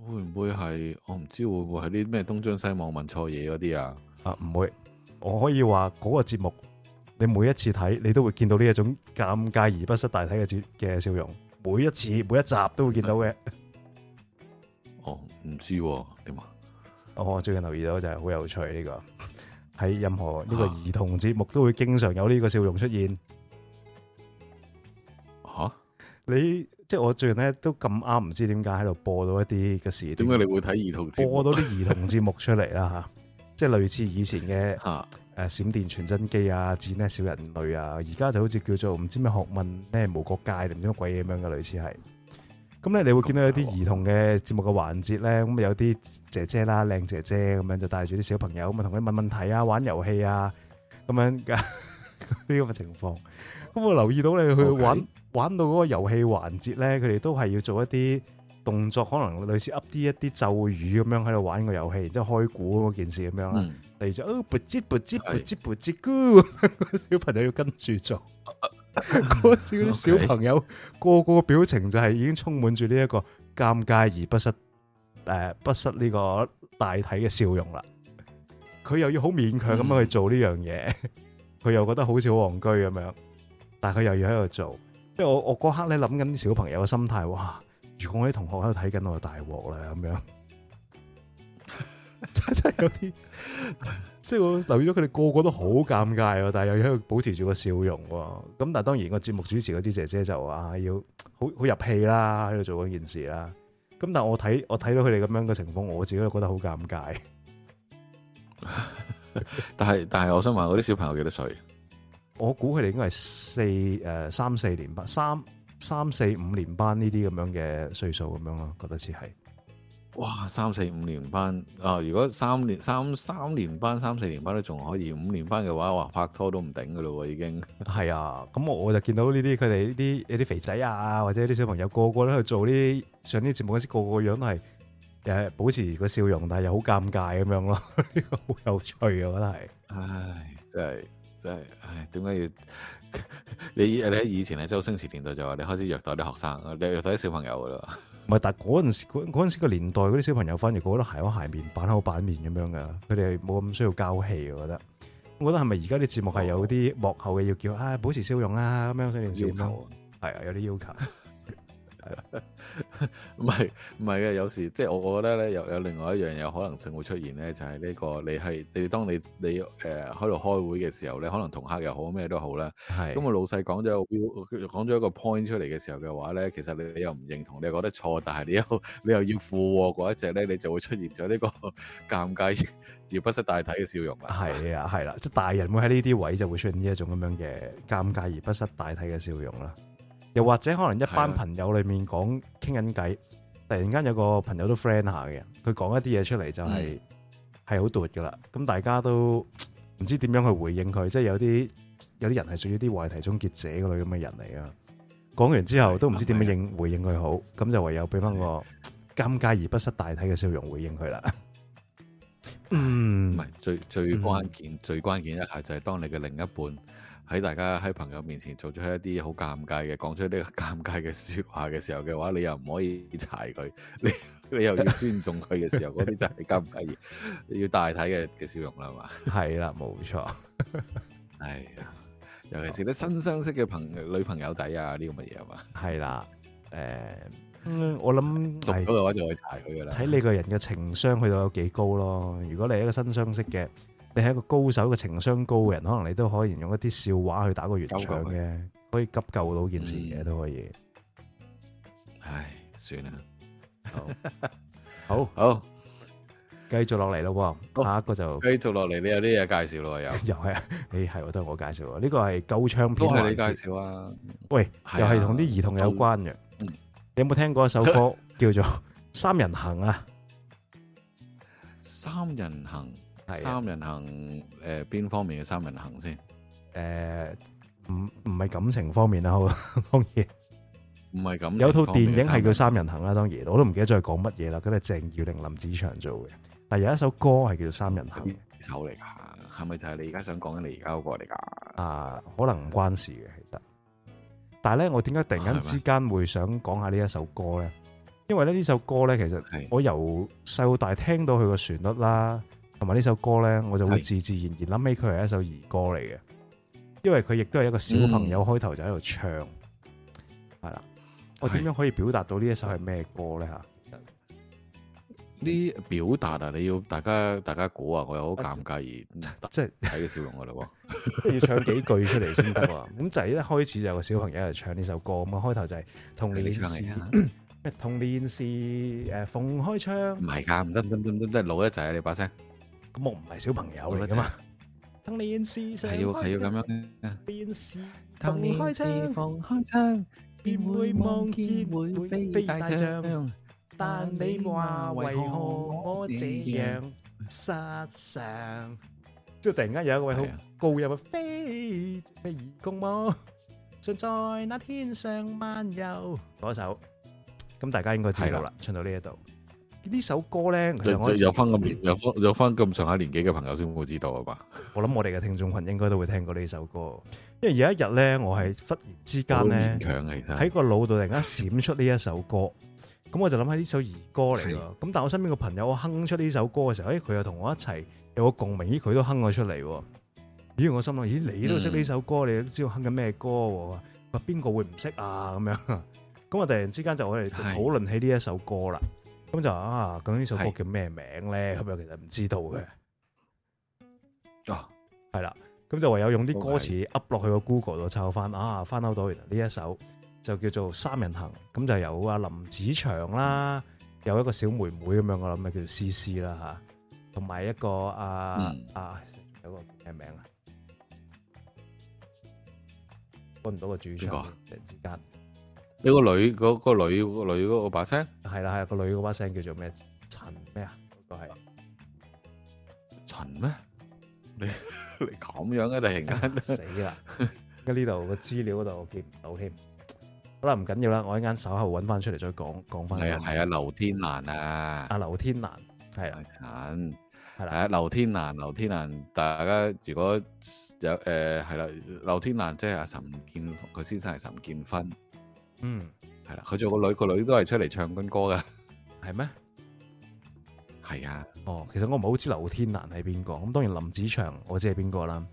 會唔會係我唔知會唔會係啲咩東張西望問錯嘢嗰啲啊？啊唔會，我可以話嗰個節目。你每一次睇，你都會見到呢一種尷尬而不失大體嘅笑嘅笑容。每一次每一集都會見到嘅。哦，唔知點啊！我、哦、最近留意到就係好有趣呢、這個，喺 任何呢個兒童節目都會經常有呢個笑容出現。嚇、啊！你即係我最近咧都咁啱，唔知點解喺度播到一啲嘅時點解你會睇兒童播到啲兒童節目出嚟啦？嚇！ 即係類似以前嘅嚇。 誒，閃電傳真機啊，剪咩小人類啊，而家就好似叫做唔知咩學問咩無國界定唔知乜鬼嘢咁樣嘅，類似係。咁咧，你會見到有啲兒童嘅節目嘅環節咧，咁啊有啲姐姐啦，靚姐姐咁樣就帶住啲小朋友咁啊，同佢問問題啊，玩遊戲啊，咁樣噶呢個嘅情況。咁我留意到你去玩玩到嗰個遊戲環節咧，佢哋都係要做一啲動作，可能類似噏啲一啲咒語咁樣喺度玩個遊戲，然之後開鼓嗰件事咁樣啦。嚟就哦，卜之卜之卜之卜之哥， 小朋友要跟住做，嗰時啲小朋友個個表情就係已經充滿住呢一個尷尬而不失誒、呃，不失呢個大體嘅笑容啦。佢又要好勉強咁樣去做呢樣嘢，佢、嗯、 又覺得好似好戇居咁樣，但係佢又要喺度做，即係我我嗰刻咧諗緊啲小朋友嘅心態，哇！如果我啲同學喺度睇緊，我就大鑊啦咁樣。 真真有啲，即 係我留意到佢哋個個都好尷尬，但係又喺度保持住個笑容。咁但係當然個節目主持嗰啲姐姐就話要好好入戲啦，喺度做嗰件事啦。咁但我睇我睇到佢哋咁樣嘅情況，我自己都覺得好尷尬。 但係但係，我想問嗰啲小朋友幾多歲？我估佢哋應該係四誒三四年班、三三四五年班呢啲咁樣嘅歲數咁樣咯，覺得似係。哇，三四五年班啊！如果三年三三年班，三四年班都仲可以，五年班嘅話，哇，拍拖都唔頂嘅咯，已經。係啊，咁我就見到呢啲佢哋啲有啲肥仔啊，或者啲小朋友個個都去做啲上啲節目嗰時，個個樣都係誒保持個笑容，但係又好尷尬咁樣咯，好、呢個，有趣啊，我覺得係。唉，真係真係，唉，點解要 你以你喺以前喺周星馳年代就話你開始虐待啲學生，你虐待啲小朋友噶啦？唔係，但嗰陣時嗰嗰陣時個年代嗰啲小朋友反而覺得鞋口鞋面板口板面咁樣噶，佢哋係冇咁需要交戲，我覺得。我覺得係咪而家啲節目係有啲幕後嘅要叫啊，保持笑容啦？咁樣，所以要求係啊，有啲要求。係唔係唔係嘅，有時即係我我覺得咧，有有另外一樣有可能性會出現咧，就係呢個你係你當你你誒喺度開會嘅時候，你可能同客又好咩都好咧，咁個老細講咗講咗一個 point 出嚟嘅時候嘅話咧，其實你你又唔認同，你又覺得錯，但係你又你又要附和嗰一隻咧，你就會出現咗呢個尷尬而不失大體嘅笑容啦。係啊，係啦，即係大人會喺呢啲位就會出現呢一種咁樣嘅尷尬而不失大體嘅笑容啦。又或者可能一班朋友裏面講傾緊偈，突然間有個朋友都 friend 下嘅，佢講一啲嘢出嚟就係係好毒噶啦，咁大家都唔知點樣去回應佢，即係有啲有啲人係屬於啲話題終結者嗰類咁嘅人嚟啊！講完之後都唔知點樣應回應佢好，咁、啊嗯、就唯有俾翻個尷尬而不失大體嘅笑容回應佢啦、 嗯。嗯，最最關鍵最關鍵一下就係、是、當你嘅另一半。喺大家喺朋友面前做出一啲好尷尬嘅，講出呢個尷尬嘅説話嘅時候嘅話，你又唔可以踩佢，你 你又要尊重佢嘅時候，嗰 啲就係尷尬而不失，要大體嘅嘅笑容啦嘛。係 啦、啊，冇錯。係 啊、哎，尤其是啲新相識嘅朋女朋友仔啊，呢個乜嘢呀嘛？係啦、啊，誒、嗯，我諗熟咗嘅話就可以踩佢噶啦。睇你個人嘅情商去到有幾高咯。如果你係一個新相識嘅。你係一個高手，個情商高嘅人，可能你都可以用一啲笑話去打個圓場嘅，可以急救到件事嘅、嗯、都可以。唉，算啦， 好好好，繼續落嚟咯。下一個就繼續落嚟，你有啲嘢介紹咯。 又又係，誒、哎、係，都係我介紹，這個、都介紹啊。呢個係舊唱片嚟嘅，介紹啊。喂，啊、又係同啲兒童有關嘅、嗯。你有冇聽過一首歌叫做三、啊《 三人行》啊？三人行。三人行，誒，邊方面嘅三人行先？誒，唔唔係感情方面啦，好當然，唔係感情。有套電影係叫《三人行》啦，當然，我都唔記得咗係講乜嘢啦。嗰啲鄭耀玲、林子祥做嘅，但係有一首歌係叫做《三人行》。首嚟噶，係咪就係你而家想講緊你而家嗰個嚟噶？啊，可能唔關事嘅，其實。但係咧，我點解突然間之間會想講下呢一首歌咧？因為咧呢首歌咧，其實我由細到大聽到佢個旋律啦。同埋呢首歌咧，我就會自自然然諗起佢係一首兒歌嚟嘅，因為佢亦都係一個小朋友開頭，嗯、就喺度唱，係啦，哎。我點樣可以表達到呢一首係咩歌咧？吓呢表達啊！你要大家大家估啊！我又好尷尬而，即係睇個笑容噶啦，要唱幾句出嚟先得啊！咁 仔一開始就有個小朋友喺度唱呢首歌，咁啊開頭就係同年時，同年時誒，逢開槍，唔係噶，唔得唔得唔得得，老一仔你把聲。咁我唔係小朋友啦，嘛？當電視上開槍，電視當電視放開槍，便會望見會飛，飛大象。但你話為何我這樣失常？即係突然間有一位好高入去飛飛共舞，想在、啊、那天上漫遊。嗰首，咁大家應該知道啦，唱到呢一度。呢首歌咧，其實我有翻咁年，有翻咁上下年紀嘅朋友先會知道啊嘛。我諗我哋嘅聽眾群應該都會聽過呢首歌，因為有一日咧，我係忽然之間咧，喺個腦度突然間閃出呢一首歌，咁 我就諗起呢首兒歌嚟咯。咁但係我身邊個朋友，我哼出呢首歌嘅時候，誒、哎，佢又同我一齊有個共鳴，依佢都哼咗出嚟。咦，我心諗，咦，你都識呢首歌，嗯，你都知道哼緊咩歌？話邊個會唔識啊？咁樣，咁我突然之間就我哋討論起呢一首歌啦。咁就啊，究竟呢首歌叫咩名咧？咁又其實唔知道嘅。哦、oh.，係啦，咁就唯有用啲歌詞 up 落去個 Google 度抄翻。Okay. 啊，翻到到，原來呢一首就叫做《三人行》。咁就由啊林子祥啦、嗯，有一個小妹妹咁樣我諗，佢叫做思思啦吓，同埋一個啊、嗯，啊，有個咩名啊？搵唔到個主唱。突然之間一個女，嗰、嗰個女，嗰個女嗰、嗰個把聲，係啦，係啦，啊嗰個女嗰把聲叫做咩？陳咩 啊？都係陳咩？你你咁樣嘅突然間死啦！喺呢度個資料嗰度見唔到添。 好啦，唔緊要啦，我一陣間稍後搵翻出嚟再講講翻。係啊係啊，劉天蘭啊，阿劉天蘭係啦，陳係啦，劉天蘭劉、啊啊、天蘭，大家如果有誒係啦，劉、呃啊、天蘭即係阿岑建，佢先生係岑建勳。嗯，係啦、啊，佢做個女，個女都係出嚟唱緊歌噶，係咩？係啊，哦，其實我唔係好知劉天蘭係邊個，咁當然林子祥我知係邊個啦，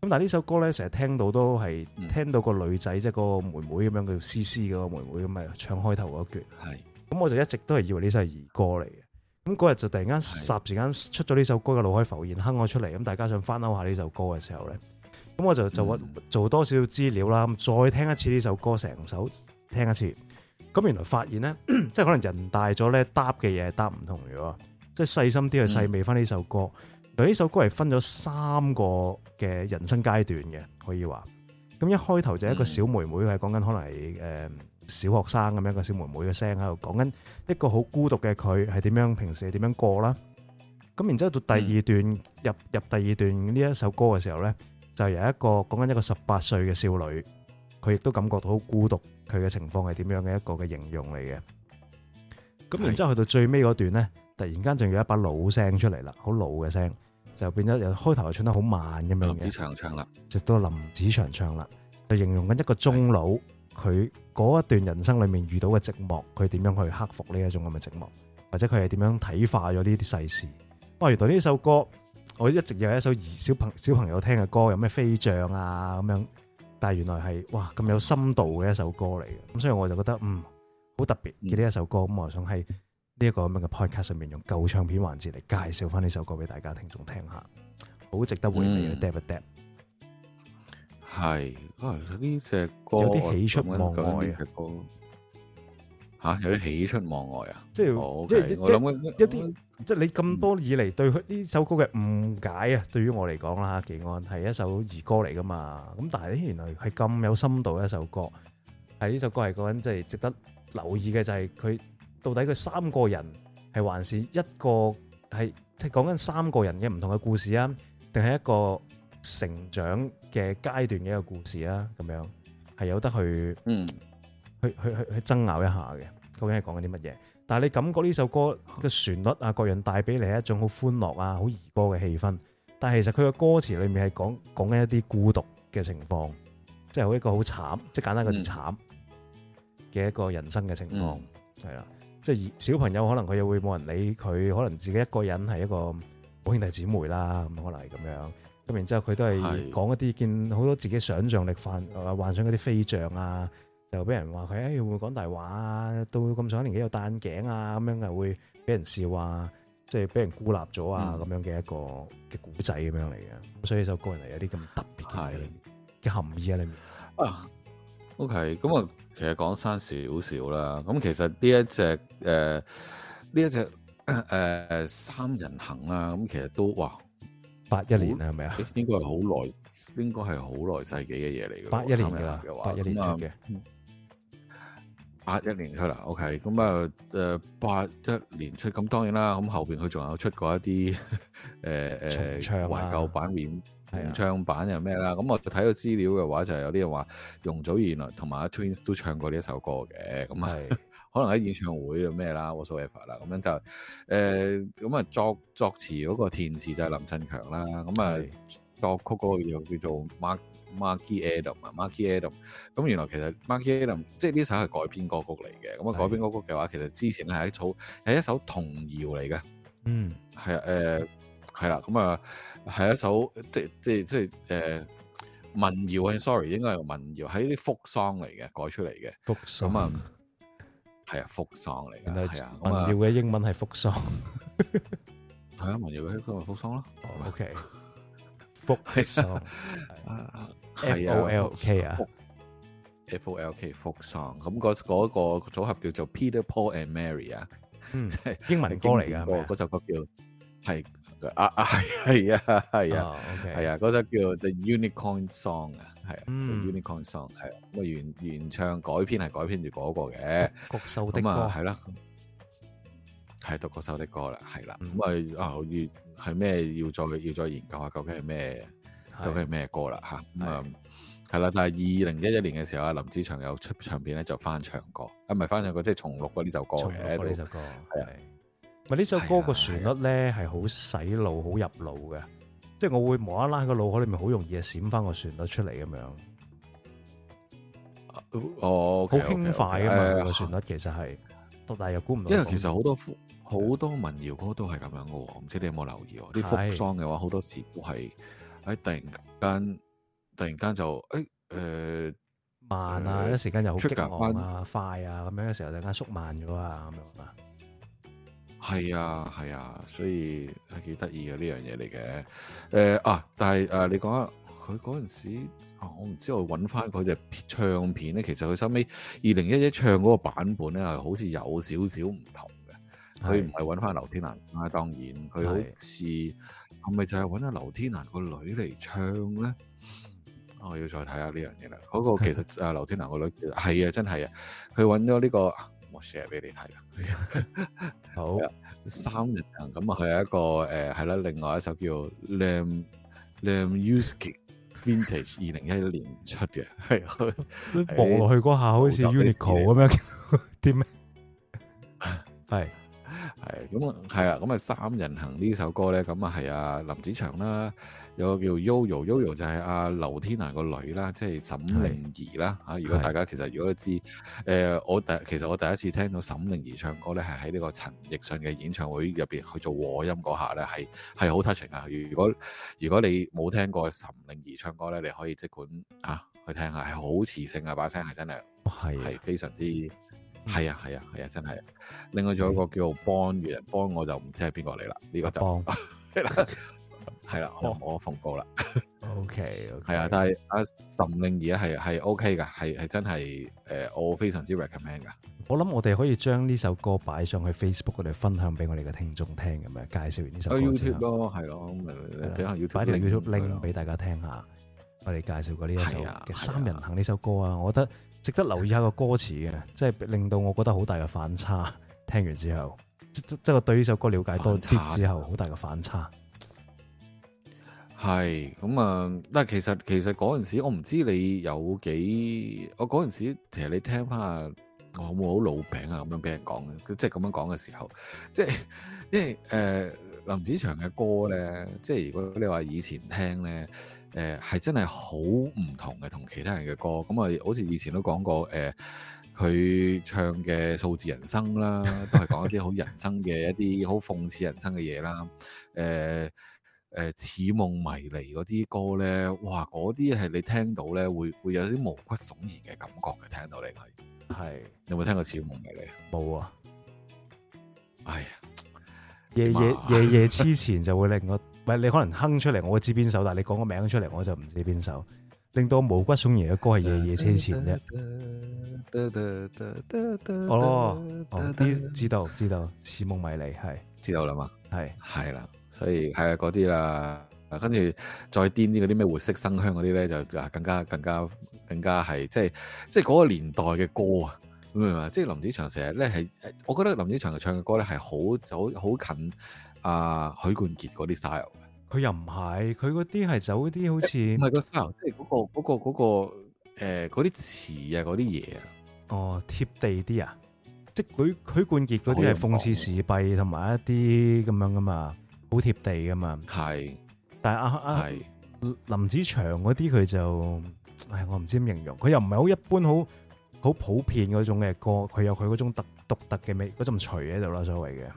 咁但係呢首歌咧成日聽到都係聽到個女仔、嗯、即係個妹妹咁樣叫詩詩嘅個妹妹咁咪唱開頭嗰句，係，咁我就一直都係以為呢首係兒歌嚟嘅，咁嗰日就突然間霎時間出咗呢首歌嘅腦海浮現哼我出嚟，咁大家想翻諗下呢首歌嘅時候咧，咁我就就做多少少資料啦，咁、嗯、再聽一次呢首歌成首。聽一次，咁原來發現咧，即係 可能人大咗咧， 搭嘅嘢，搭唔同咗，即係細心啲去細味翻呢首歌。嗱，呢首歌係分咗三個嘅人生階段嘅，可以話。咁一開頭就係一個小妹妹係講緊，嗯、可能係誒小學生咁樣一個小妹妹嘅聲喺度講緊一個好孤獨嘅佢係點樣，平時點樣過啦。咁然之後到第二段、嗯、入入第二段呢一首歌嘅時候咧，就有一個講緊一個十八歲嘅少女。佢亦都感覺到好孤獨，佢嘅情況係點樣嘅一個嘅形容嚟嘅。咁然之後去到最尾嗰段咧，突然間仲有一把老聲出嚟啦，好老嘅聲，就變咗由開頭又唱得好慢咁樣嘅。林子祥唱啦，直到林子祥唱啦，就形容緊一個中佬佢嗰一段人生裏面遇到嘅寂寞，佢點樣去克服呢一種咁嘅寂寞，或者佢係點樣睇化咗呢啲世事。不如同呢首歌，我一直有一首兒小朋小朋友聽嘅歌，有咩飛象啊咁樣。但係原來係哇咁有深度嘅一首歌嚟嘅，咁所以我就覺得嗯好特別嘅呢一首歌，咁我就想喺呢一個咁樣嘅 podcast 上面用舊唱片環節嚟介紹翻呢首歌俾大家聽眾聽下，好值得回味嘅。d e v a dab，係可能呢隻歌有啲喜出望外嘅，吓有啲喜出,、啊、出望外啊，即係、哦 okay, 即係我一啲。即係你咁多以嚟對佢呢首歌嘅誤解啊，對於我嚟講啦，奇安係一首兒歌嚟噶嘛。咁但係咧，原來係咁有深度嘅一首歌，係呢首歌係講緊即係值得留意嘅就係佢到底佢三個人係還是一個係即係講緊三個人嘅唔同嘅故事啊，定係一個成長嘅階段嘅一個故事啊，咁樣係有得去嗯去去去去爭拗一下嘅究竟係講緊啲乜嘢？但係你感覺呢首歌嘅旋律啊，各樣帶俾你一種好歡樂啊、好兒歌嘅氣氛。但係其實佢嘅歌詞裏面係講講緊一啲孤獨嘅情況，即係好一個好慘，即係簡單嗰啲、嗯、慘嘅一個人生嘅情況，係、嗯、啦、啊。即係小朋友可能佢又會冇人理佢，可能自己一個人係一個冇兄弟姊妹啦，咁可能係咁樣。咁然之後佢都係講一啲見好多自己想像力幻幻想嗰啲飛象啊。就俾人話佢誒會唔會講大話啊？到咁上下年紀又戴眼鏡啊，咁樣又會俾人笑啊，即係俾人孤立咗啊，咁、嗯、樣嘅一個嘅古仔咁樣嚟嘅。所以呢首歌嚟有啲咁特別嘅嘅含義喺裡面,有裡面啊。OK，咁、嗯嗯呃呃、啊，其實講生少少啦。咁其實呢一隻誒呢一隻誒三人行啦。咁其實都哇八一年啊，係咪啊？應該係好耐，應該係好耐世紀嘅嘢嚟嘅。八一年噶啦，八一年嘅。八一年出啦，OK，咁啊，誒八一年出，咁當然啦，咁後邊佢仲有出過一啲誒誒懷舊版面、重唱版又咩啦，咁、啊、我就睇到資料嘅話就係、是、有啲人話容祖兒同埋 Twins 都唱過呢一首歌嘅。咁啊可能喺演唱會又咩啦，Whatever 啦，咁樣就誒咁啊作作詞嗰個填詞就係林振強啦，咁啊。作曲嗰個叫做 Mark Marky Adam，Marky Adam。咁原來其實 Marky Adam 即係呢首係改編歌曲嚟嘅。咁啊改編歌曲嘅話，其實之前係喺草係一首童謠嚟嘅。嗯，係啊，誒係啦，咁啊係一首即即即誒民謠啊，sorry，應該係民謠，係啲福桑嚟嘅改出嚟嘅福桑。咁啊係啊福桑嚟嘅，係啊民謠嘅英文係福桑。係啊民謠嘅英文福桑咯。Oh, OK。 Folk song、 uh, 啊，folk 啊，folk，folk song。咁嗰嗰個組合叫做 Peter Paul and Mary 啊、嗯， 英文歌嚟噶，嗰首歌叫係啊啊係啊係啊係啊，嗰、啊啊啊啊 okay 啊、首叫 The Unicorn Song 啊，係、嗯、，The Unicorn Song 係、啊，咁啊原原唱改編係改編住嗰個嘅國手的歌，係啦，係、啊、讀國手的歌啦，係啦，咁啊啊，好、嗯、熱。係咩？要再要再研究下，究竟係咩？究竟係咩歌啦？吓咁係啦。但係二零一一年嘅時候，阿林子祥有出唱片咧，就翻唱歌，啊，唔係翻唱歌，即係重錄過呢首歌，重錄過呢首歌，係啊，係呢首歌個旋律咧，係好洗腦、好入腦嘅。即係我會無啦啦喺個腦海裏面好容易啊閃翻個旋律出嚟咁樣。哦，好輕快啊嘛個旋律其實係、哎，但係又估唔到，因為其實好多。好多民謠歌都係咁樣嘅，唔知你有冇留意？啲復桑嘅話，好多時都係喺突然間，突然間就誒誒、欸呃、慢啊，嗯、一時間就好激昂啊，啊，快啊，咁樣嘅時候突然間縮慢咗啊，咁樣啊。係啊，係啊，所以係幾得意嘅呢樣嘢嚟嘅。誒、呃、啊，但係誒、呃，你講下，佢嗰陣時啊，我唔知我揾翻佢隻唱片咧，其實佢收尾二零一一唱嗰個版本咧，係好似有少少唔同。佢唔係揾翻劉天蘭，當然佢好似係咪就係揾阿劉天蘭個女嚟唱咧？我要再睇下呢樣嘢啦。嗰、那個其實阿、啊、劉天蘭個女係啊，真係啊，佢揾咗呢個，我 share 俾你睇啊。好，三人行咁啊，佢係一個誒，係、呃、啦，另外一首叫《Lam Lam Uski Vintage》，二零一一年出嘅，係佢播落去嗰下好似 Uniqlo 咁樣叫啲咩？係。 是的 係咁啊，係啊，咁啊《三人行》呢首歌咧，咁啊係啊林子祥啦，有個叫 Yoyo，Yoyo Yoyo 就係阿、啊、劉天蘭個女啦，即係岑寧兒啦嚇。如果大家其實如果都知，誒、呃、我第其實我第一次聽到岑寧兒唱歌咧，係喺呢個陳奕迅嘅演唱會入邊去做和音嗰下咧，係係好 touching 啊！如果如果你冇聽過岑寧兒唱歌咧，你可以即管嚇、啊、去聽下，係好磁性啊，把聲係真係係非常之。係啊，係啊，係啊,啊，真係。另外仲有一個叫做幫、okay. 人幫，我就唔知係邊個嚟啦。呢、這個就係啦，係、okay. 啦、 啊，okay. 我我奉告啦。OK，係、okay. 啊，但係阿岑令而家係係 OK 噶，係係真係誒、呃，我非常之 recommend 噶。我諗我哋可以將呢首歌擺上去 Facebook，我哋分享俾我哋嘅聽眾聽咁樣，介紹完呢首歌。歌，YouTube 咯，係咯、啊，咁咪、啊啊啊、YouTube link 俾大家聽,下,、啊啊、大家聽下。我哋介紹過呢一首嘅《三人行》呢首歌啊,啊，我覺得。值得留意下個歌詞嘅，即係令到我覺得好大嘅反差。聽完之後，即係對呢首歌了解多啲之後，好大嘅反差。係咁啊！但係其實其實嗰陣時，我唔知你有幾。我嗰陣時，其實你聽翻下，我有冇好老餅啊？咁樣俾人講嘅，即係咁樣講嘅時候，即係因為誒林子祥嘅歌咧，即係如果你話以前聽咧。誒、呃，係真係好唔同嘅，同其他人嘅歌咁啊，好似以前都講過，誒、呃，佢唱嘅《數字人生》啦，都係講一啲好人生嘅 一啲好諷刺人生嘅嘢啦。誒、呃、誒，呃《似夢迷離》嗰啲歌咧，哇，嗰啲係你聽到咧會會有啲毛骨悚然嘅感覺嘅，聽到你係係有冇聽過《似夢迷離》？冇啊，哎呀、啊，夜夜夜夜癡纏就會令我。 唔係你可能哼出嚟，我知邊首，但係你講個名出嚟，我就唔知邊首。令到毛骨悚然嘅歌係夜夜黐前》哦。啫。哦，知道知道，似夢迷離係，知道啦嘛，係係啦，所以係啊嗰啲啦，跟住再癲啲嗰啲咩活色生香嗰啲咧，就更加更加更加係即係即係嗰個年代嘅歌啊！你明嘛？即係林子祥成日咧係，我覺得林子祥唱嘅歌咧係好早好近。啊，許冠傑嗰啲 style 佢又唔係，佢嗰啲係走啲好似唔係個 style，即係嗰個嗰、嗰個嗰、嗰個誒嗰啲詞啊嗰啲嘢啊，哦，貼地啲啊，即係許許冠傑嗰啲係諷刺時弊同埋一啲咁樣噶嘛，好貼地噶嘛，係。但係啊，阿、啊、林子祥嗰啲佢就，唉，我唔知點形容，佢又唔係好一般好好普遍嗰種嘅歌，佢有佢嗰種特獨特嘅味，嗰陣馴喺度啦，所謂嘅。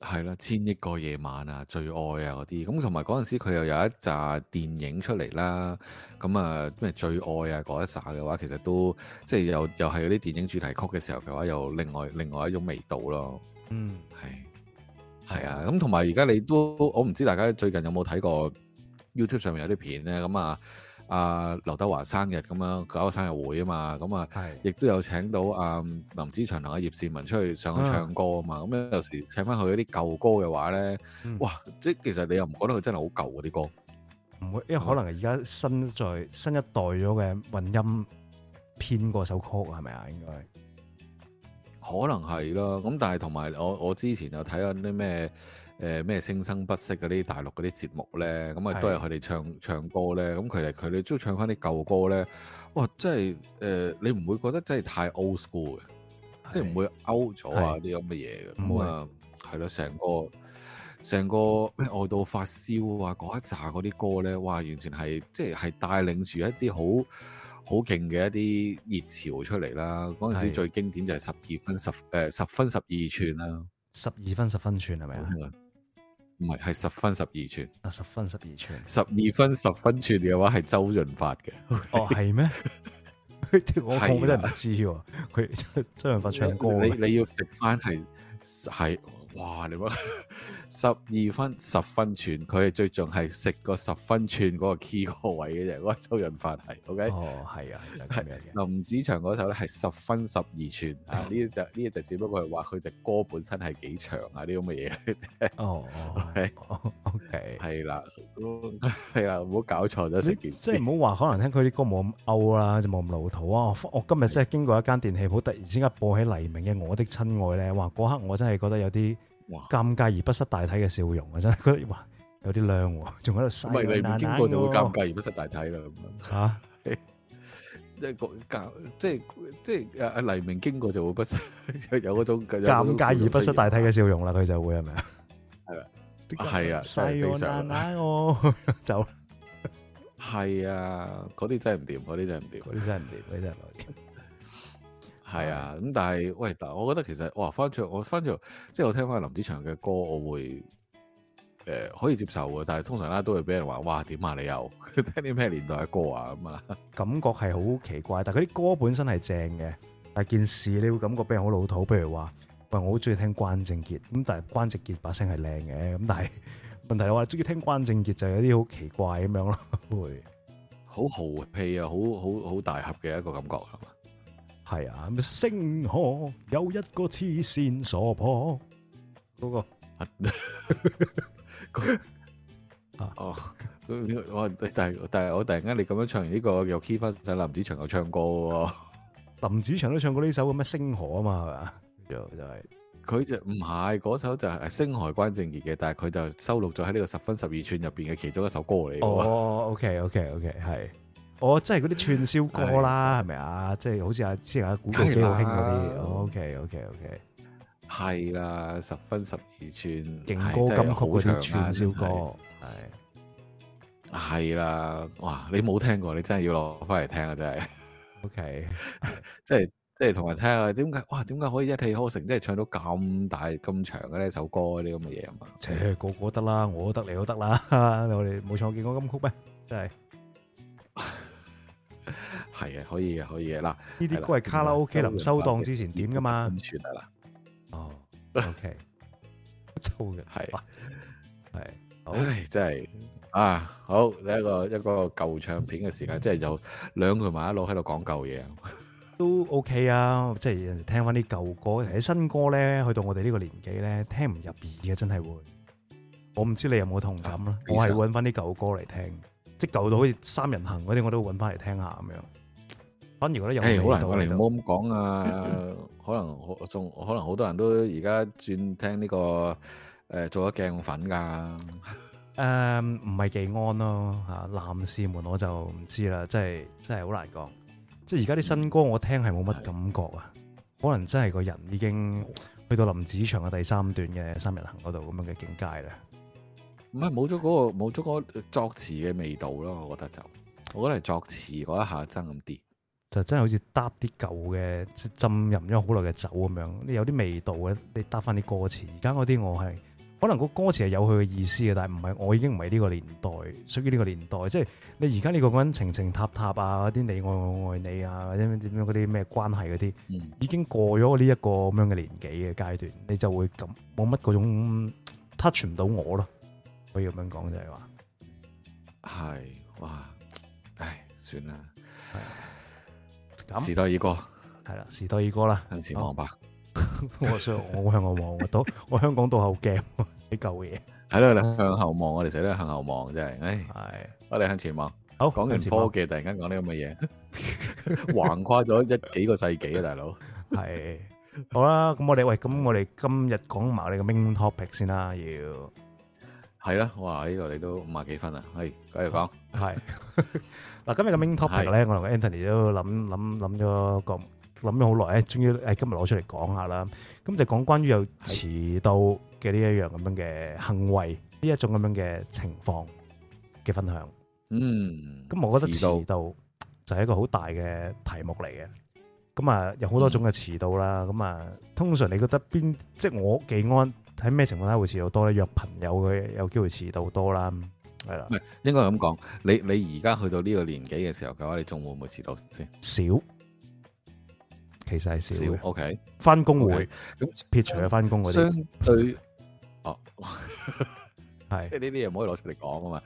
係啦，千億個夜晚啊，最愛啊嗰啲，咁同埋嗰陣時佢又有一扎電影出嚟啦，咁啊咩最愛啊嗰一紮嘅話，其實都即係又又係有啲電影主題曲嘅時候嘅話，又另外另外一種味道咯。嗯，係，係啊，咁同埋而家你都，我唔知大家最近有冇睇過 YouTube 上面有啲片咧，咁啊。阿、啊、劉德華生日咁啦，搞個生日會啊嘛，咁、嗯、啊，亦都有請到阿、嗯、林子祥同阿葉倩文出去上去唱歌啊嘛，咁、嗯、有時請返佢啲舊歌嘅話咧，哇、嗯！即係其實你又唔覺得佢真係好舊嗰啲歌。唔、嗯、會，因為可能係而家新在新一代咗嘅混音編過首曲係咪啊？應該可能係啦，咁但係同埋我我之前有睇緊啲咩？誒咩聲生不息嗰啲大陸嗰啲節目咧，咁啊都係佢哋唱唱歌咧，咁佢哋佢哋都唱翻啲舊歌咧，哇！真係誒、呃，你唔會覺得真係太 old school 嘅，即係唔會 out 咗啊啲咁嘅嘢嘅，好啊係咯，成個成個咩愛到發燒啊嗰一紮嗰啲歌咧，哇！完全係即係係帶領住一啲好好勁嘅一啲熱潮出嚟啦。嗰陣時最經典就係十二分十誒、呃、十分十二寸啦、啊，十二分十分寸係咪啊？唔係，係十分十二寸。啊，十分十二寸。十二分十分寸嘅話，係周潤發嘅。哦，係咩？我我真係唔知喎。佢周周潤發唱歌。 你 你要食翻係係哇？你話？十二分十分寸，佢係最重係食個十分寸嗰個 key 個位，嗰個位嘅啫，嗰個周潤發係，OK？哦，係啊，係林子祥嗰首咧係十分十二寸 啊！呢嘢就呢嘢就只不過係話佢隻歌本身係幾長啊，呢啲咁嘅嘢，哦，哦，OK，係、okay. 啦，係啦，唔好搞錯咗成件事。即係唔好話可能聽佢啲歌冇咁 out 啦，就冇咁老土啊！我今日真係經過一間電器鋪，突然之間播起黎明嘅《我的親愛》咧，哇！嗰刻我真係覺得有啲～哇！尷尬而不失大體嘅笑容啊，真係哇，有啲靚、哦，仲喺度洗我奶奶。黎明經過就會尷尬而不失大體啦，吓、啊？即係即係即係誒，黎明經過就會不失 有嗰種尷尬而不失大體嘅笑容啦，佢 就會係咪啊？係啦，係啊，洗非常奶我走。係啊，嗰啲真係唔掂，嗰啲真係唔掂，嗰啲真係唔掂，啲真係唔掂。 係啊，咁但係喂，但我覺得其實哇，翻唱我翻唱，即係我聽翻林子祥嘅歌，我會誒、呃、可以接受嘅，但係通常咧都會俾人話，哇點啊，你又聽啲咩年代嘅歌啊咁啊？感覺係好奇怪，但係佢啲歌本身係正嘅，但係件事你會感覺俾人好老土，譬如話，喂，我好中意聽關正傑，咁但係關正傑把聲係靚嘅，咁但係問題我話中意聽關正傑就有啲好奇怪咁樣咯，會好豪氣啊，好好好大合嘅一個感覺。係啊，星河有一個黐線傻婆，嗰、那個 啊哦，我但係但係我突然間你咁樣唱完呢、這個又 keep 翻上林子祥又唱歌喎，林子祥都唱過呢首咁嘅星河啊嘛，係咪？就是、就係佢就唔係嗰首就係、是、星河關正傑嘅，但係佢就收錄咗喺呢個十分十二寸入邊嘅其中一首歌嚟哦，OK OK OK，係。我、哦、即係嗰啲串燒歌啦，係咪啊？即係好似阿之前阿、啊、古巨基好興嗰啲。O K O K O K，係啦，十、okay, okay, okay, okay, okay, okay, okay, 分十二寸勁歌金曲嗰啲串燒歌，係係啦，哇！你冇聽過，你真係要攞翻嚟聽啊！真係。O K，即係即係同人聽下，點解哇？點解可以一氣呵成，即係唱到咁大咁長嘅呢首歌呢啲咁嘅嘢啊？切，個個得啦，我得你都得啦， 我哋冇唱勁歌金曲咩？真係。係嘅，可以嘅，可以嘅嗱，呢啲歌係卡拉 OK 臨收檔之前點㗎嘛？安全啊啦，哦，O K，粗嘅係，係、okay，唉 是的， okay, 真係啊，好，一個一個舊唱片嘅時間，即、嗯、係、就是、有兩台埋一路喺度講舊嘢都 O、OK、K 啊，即、就、係、是、聽翻啲舊歌，其實新歌咧，去到我哋呢個年紀咧，聽唔入耳嘅，真係會，我唔知你有冇同感啦，我係揾翻啲舊歌嚟聽，嗯、即係舊到好似三人行嗰啲，我都揾翻嚟聽下咁樣。反而覺得有味道。誒，好難，我咁講啊 可。可能我仲可能好多人都而家轉聽呢、呢個誒、呃、做咗鏡粉噶誒，唔係技安咯嚇。男士們我就唔知啦，真係真係好難講。即係而家啲新歌我聽係冇乜感覺啊。可能真係個人已經去到林子祥嘅第三段嘅《三人行》嗰度咁樣嘅境界咧，唔係冇咗嗰個冇咗嗰個作詞嘅味道咯。我覺得就我覺得係作詞嗰一下爭咁啲。就真係好似揀啲舊嘅即浸入咗好耐嘅酒咁樣，你有啲味道嘅，你揀翻啲歌詞。而家嗰啲我係可能個歌詞係有佢嘅意思嘅，但係唔係我已經唔係呢個年代，屬於呢個年代。即係你而家呢個揾情情塔塔啊，啲你愛我愛你啊，或者點樣嗰啲咩關係嗰啲，嗯、已經過咗呢一個咁樣嘅年紀嘅階段，你就會咁冇乜嗰種 touch 唔到我咯。可以咁樣講就係話，係哇，唉，算啦。時代二哥，係啦，時代二哥啦，向前望吧。我想，我向後望，到我香港到後驚啲舊嘢。係咯，你向後望，我哋成日都向後望，真係。唉，我哋向前望。好，講完科技，突然間講呢咁嘅嘢，橫跨咗一幾個世紀啊，大佬。係，好啦，咁我哋喂，咁我哋今日講埋呢個 main topic 先啦，要。係啦，哇！呢度你都五啊幾分啊，係繼續講。係。嗱，今日嘅 main topic 咧，我同 Anthony 都諗諗諗咗咁諗咗好耐咧，終於誒今日攞出嚟講下啦。咁就講關於有遲到嘅呢一樣咁樣嘅行為，呢一種咁樣嘅情況嘅分享。嗯，咁我覺得遲到就係一個好大嘅題目嚟嘅。咁啊，有好多種嘅遲到啦。咁啊，通常你覺得邊？即係我記安喺咩情況下會遲到多咧？約朋友嘅有機會遲到多啦。係啦，唔係應該咁講。你你而家去到呢個年紀嘅時候嘅話，你仲會唔會遲到先少？其實係少。O K，翻工會咁撇除咗翻工嗰啲相對哦，係即係呢啲嘢唔可以攞出嚟講啊嘛。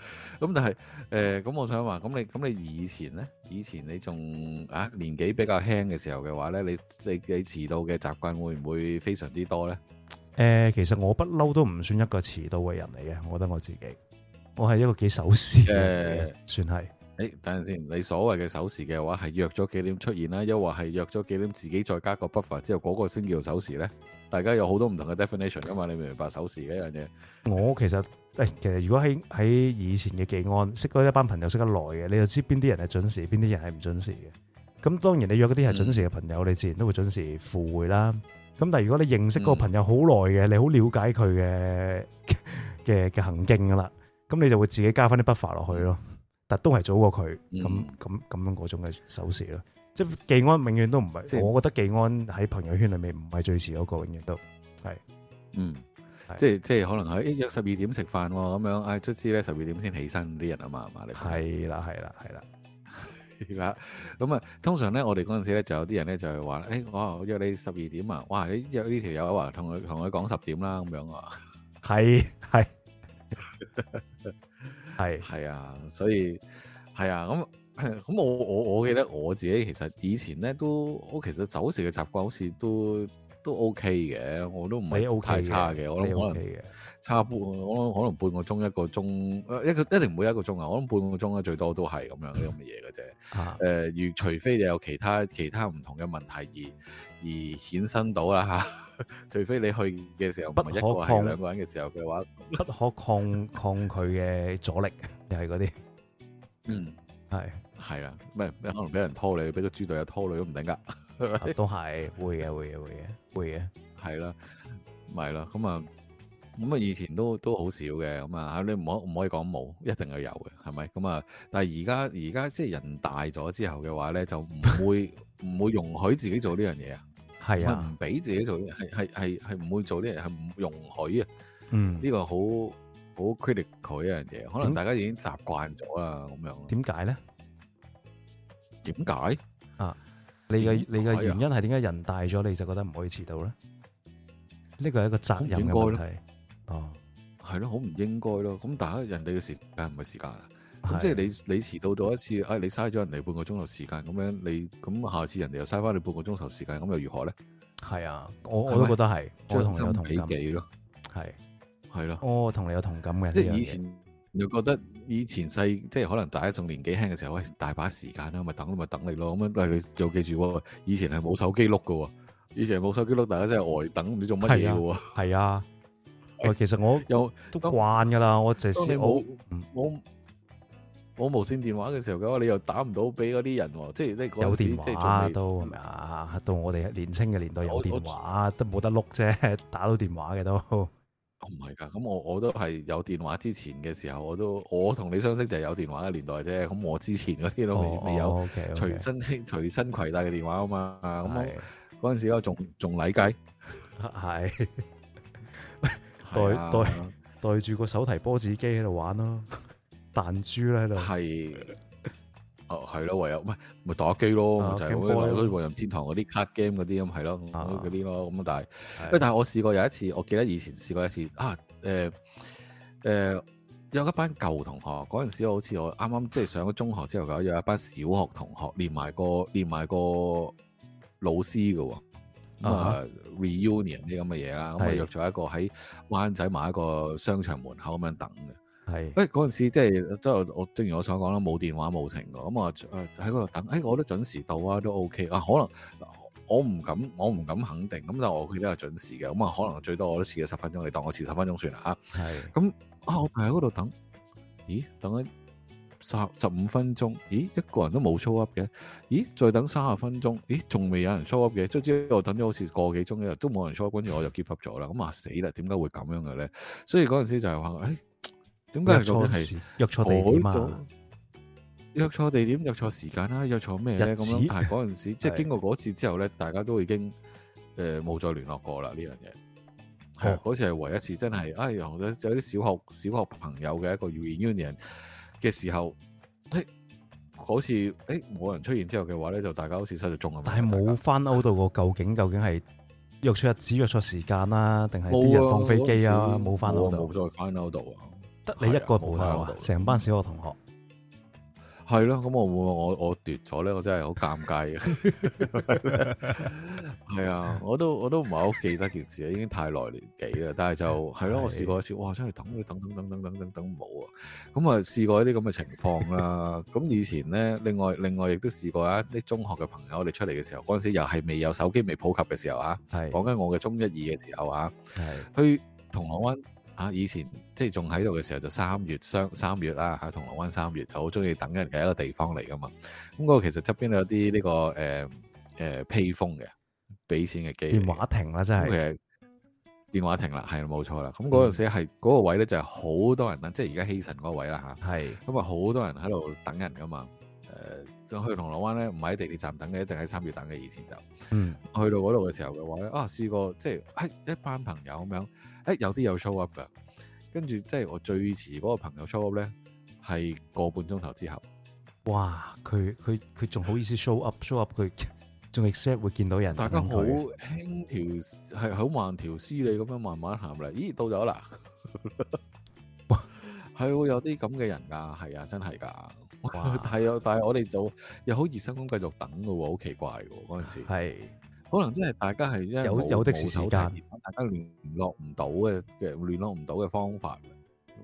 咁但係誒，咁、呃、我想話咁你咁你以前咧，以前你仲啊年紀比較輕嘅時候嘅話咧，你你你遲到嘅習慣會唔會非常之多咧？誒、呃，其實我不嬲都唔算一個遲到嘅人嚟嘅，我覺得我自己。我係一個幾守時嘅，算係。誒，等陣先，你所謂嘅守時嘅話，係約咗幾點出現啦？又或係約咗幾點自己再加個 buffer 之後，嗰個先叫守時咧？大家有好多唔同嘅 definition 噶嘛？你明唔明白守時嘅一樣嘢？我其實誒，其實如果喺喺以前嘅記案，識到一班朋友識得耐嘅，你就知邊啲人係準時，邊啲人係唔準時嘅。咁當然你約嗰啲係準時嘅朋友，你自然都會準時赴會啦。咁但係如果你認識嗰個朋友好耐嘅，你好了解佢嘅嘅嘅行徑噶啦。咁你就會自己加翻啲筆法落去咯，嗯、但都係早過佢咁咁咁樣嗰種嘅手勢咯。即係技安，永遠都唔係，我覺得技安喺朋友圈裏面唔係最遲嗰個，永遠都係。嗯，即係即係可能一約十二點食飯咁、啊、樣，哎卒之咧十二點先起身啲人啊嘛，係嘛？係啦係啦係啦。而咁啊，通常咧我哋嗰陣時咧就有啲人咧就係話，哎我約你十二點啊，哇你約呢條友啊，同佢同佢講十點啦咁樣啊。係係。 係係啊，所以係啊，咁咁我我我記得我自己其實以前咧都，我其實守時嘅習慣好似都都 OK 嘅，我都唔係太差嘅，OK，我諗 OK 嘅，差半，我諗可能半個鐘一個鐘，一個，一，個一定唔會一個鐘啊，我諗半個鐘咧最多都係咁樣咁嘅嘢嘅啫，誒、啊，如，呃，除非你有其他其他唔同嘅問題而而衍生到啦吓。啊。除非你去嘅時候不可抗兩個人嘅時候嘅話，不可抗 不可抗，抗拒嘅阻力又係嗰啲，嗯，係係啦，唔係可能俾人拖你，俾個豬隊友拖你都唔定噶，都係會嘅，會嘅，會嘅，會嘅，係啦，係咯，咁啊，咁啊，以前都都好少嘅，咁啊，你唔可唔可以講冇，一定係有嘅，係咪？咁啊，但係而家而家即係人大咗之後嘅話咧，就唔會唔 會容許自己做呢樣嘢啊。係啊，唔俾自己做啲，係係係係唔會做啲嘢，係唔容許啊。嗯，呢個好好 critical 一樣嘢，可能大家已經習慣咗啦，咁樣。點解咧？點解啊？你嘅你嘅原因係點解人大咗你就覺得唔可以遲到咧？呢個係一個責任嘅問題。哦，係咯，好唔應該咯。咁大家人哋嘅時間唔係時間啊。咁即係你你遲到咗一次，誒、哎、你嘥咗人哋半個鐘頭時間，咁樣你咁下次人哋又嘥翻你半個鐘頭時間，咁又如何咧？係啊，我都覺得係、啊，我同你有同感咯。係係咯，我同你有同感嘅。即係以前又覺得以前細，即係可能大家仲年紀輕嘅時候，喂，大把時間啦，咪等咪等，等你咯。咁樣但係你又記住，以前係冇手機碌嘅，以前係冇手機碌，大家真係呆、呃、等，唔知做乜嘢嘅。係啊，係、啊 哎、其實我又都慣噶啦，我平時我我。嗯我無線電話嘅時候嘅話，你又打唔到俾嗰啲人喎，即係即係嗰時即係仲未有電話都係咪啊？到我哋年青嘅年代有電話都冇得碌啫，打到電話嘅都唔係㗎。咁、哦、我我都係有電話之前嘅時候，我都我同你相識就係有電話嘅年代啫。咁我之前嗰啲都未有、哦、有隨身、哦、okay, okay。隨身攜帶嘅電話啊嘛。咁嗰陣時我仲仲禮計，係袋袋袋住個手提波子機喺度玩咯。彈珠咧，係 哦，係咯，唯有唔係咪打機咯，就係好似《任天堂》嗰啲卡 game 嗰啲咁，係咯嗰啲咯。咁但係，喂，但係我試過有一次，我記得以前試過一次啊。誒、呃、誒、呃，有一班舊同學，嗰陣時好似我啱啱即係上咗中學之後噶，有一班小學同學，連埋個連埋個老師噶，啊，啊，啊 reunion 啲咁嘅嘢啦，咁我約咗一個喺灣仔某一個商場門口咁樣等嘅。係，誒嗰陣時即係都我正如我所講啦，冇電話冇成嘅，咁啊誒喺嗰度等，誒、哎、我都準時到啊，都 OK 啊，可能我唔敢，我唔敢肯定，咁但係我佢得記得係準時嘅，咁啊可能最多我都遲咗十分鐘，你當我遲十分鐘算啦嚇。係，咁啊我排喺嗰度等，咦等咗十十五分鐘，咦一個人都冇 show up 嘅，咦再等三十分鐘，咦仲未有人 show up 嘅，總之我等咗好似個幾鐘之後都冇人 show up，跟住我就 give up 咗啦，咁啊死啦，點解會咁樣嘅咧？所以嗰陣時就係、是、話，誒、哎。點解係咁樣？係約錯地點啊？約錯地點，約錯時間啦，約錯咩咧？咁但係嗰陣時，是即係經過嗰次之後咧，大家都已經誒冇、呃、再聯絡過啦。呢樣嘢係嗰次係唯一一次真係，哎呀，有啲小學小學朋友嘅一個 reunion 嘅時候，嗰次誒冇人出現之後嘅話咧，就大家好似失咗蹤咁。但係冇翻樓度個，究竟究竟係約錯日子，約錯時間啦，定係啲人放飛機啊？冇翻樓度，冇再翻樓度啊！你一個冇錯啊，成班小學同學係咯，咁我我我奪咗咧，我真係好尷尬嘅。係啊，我都我都唔係好記得件事啊，已經太耐年紀啦。但係就係咯，我試過一次，哇！真係等，等，等，等，等，等，等，等冇啊。咁啊，試過一啲咁嘅情況啦。咁以前咧，另外另外亦都試過啊，啲中學嘅朋友我哋出嚟嘅時候，嗰陣時又係未有手機未普及嘅時候啊。係講緊我嘅中一二嘅時候啊。係去銅鑼灣。嚇！以前即係仲喺度嘅時候就，就三越三三越啊嚇，銅鑼灣三越就好中意等人嘅一個地方嚟噶嘛。咁、那、嗰個其實側邊有啲呢、這個誒誒、呃呃、披風嘅，俾錢嘅機器。電話亭啦，真係。電話亭啦，係冇錯啦。咁嗰陣時係嗰、嗯那個位咧就係、是、好多人等，即係而家希慎嗰個位啦嚇。係。咁啊，好多人喺度等人噶嘛。誒、呃，去銅鑼灣咧，唔係喺地鐵站等嘅，一定喺三越等嘅。以前就，嗯、去到嗰度嘅時候嘅話咧，啊試過即係一班朋友咁樣。誒、欸，有啲有 show up 噶，跟住即係我最遲嗰個朋友 show up 咧，係個半鐘頭之後。哇！佢佢佢仲好意思 show up show up，佢仲 expect 會見到人他。大家好輕條，係好慢條斯理咁樣慢慢行嚟。咦，到咗啦！係 會 有啲咁嘅人噶，係啊，真係噶。係啊，但係我哋就又好熱心咁繼續等噶，好奇怪噶嗰陣時。係。可能真係大家係因有有的時間大家聯絡唔到嘅，聯絡唔到嘅方法，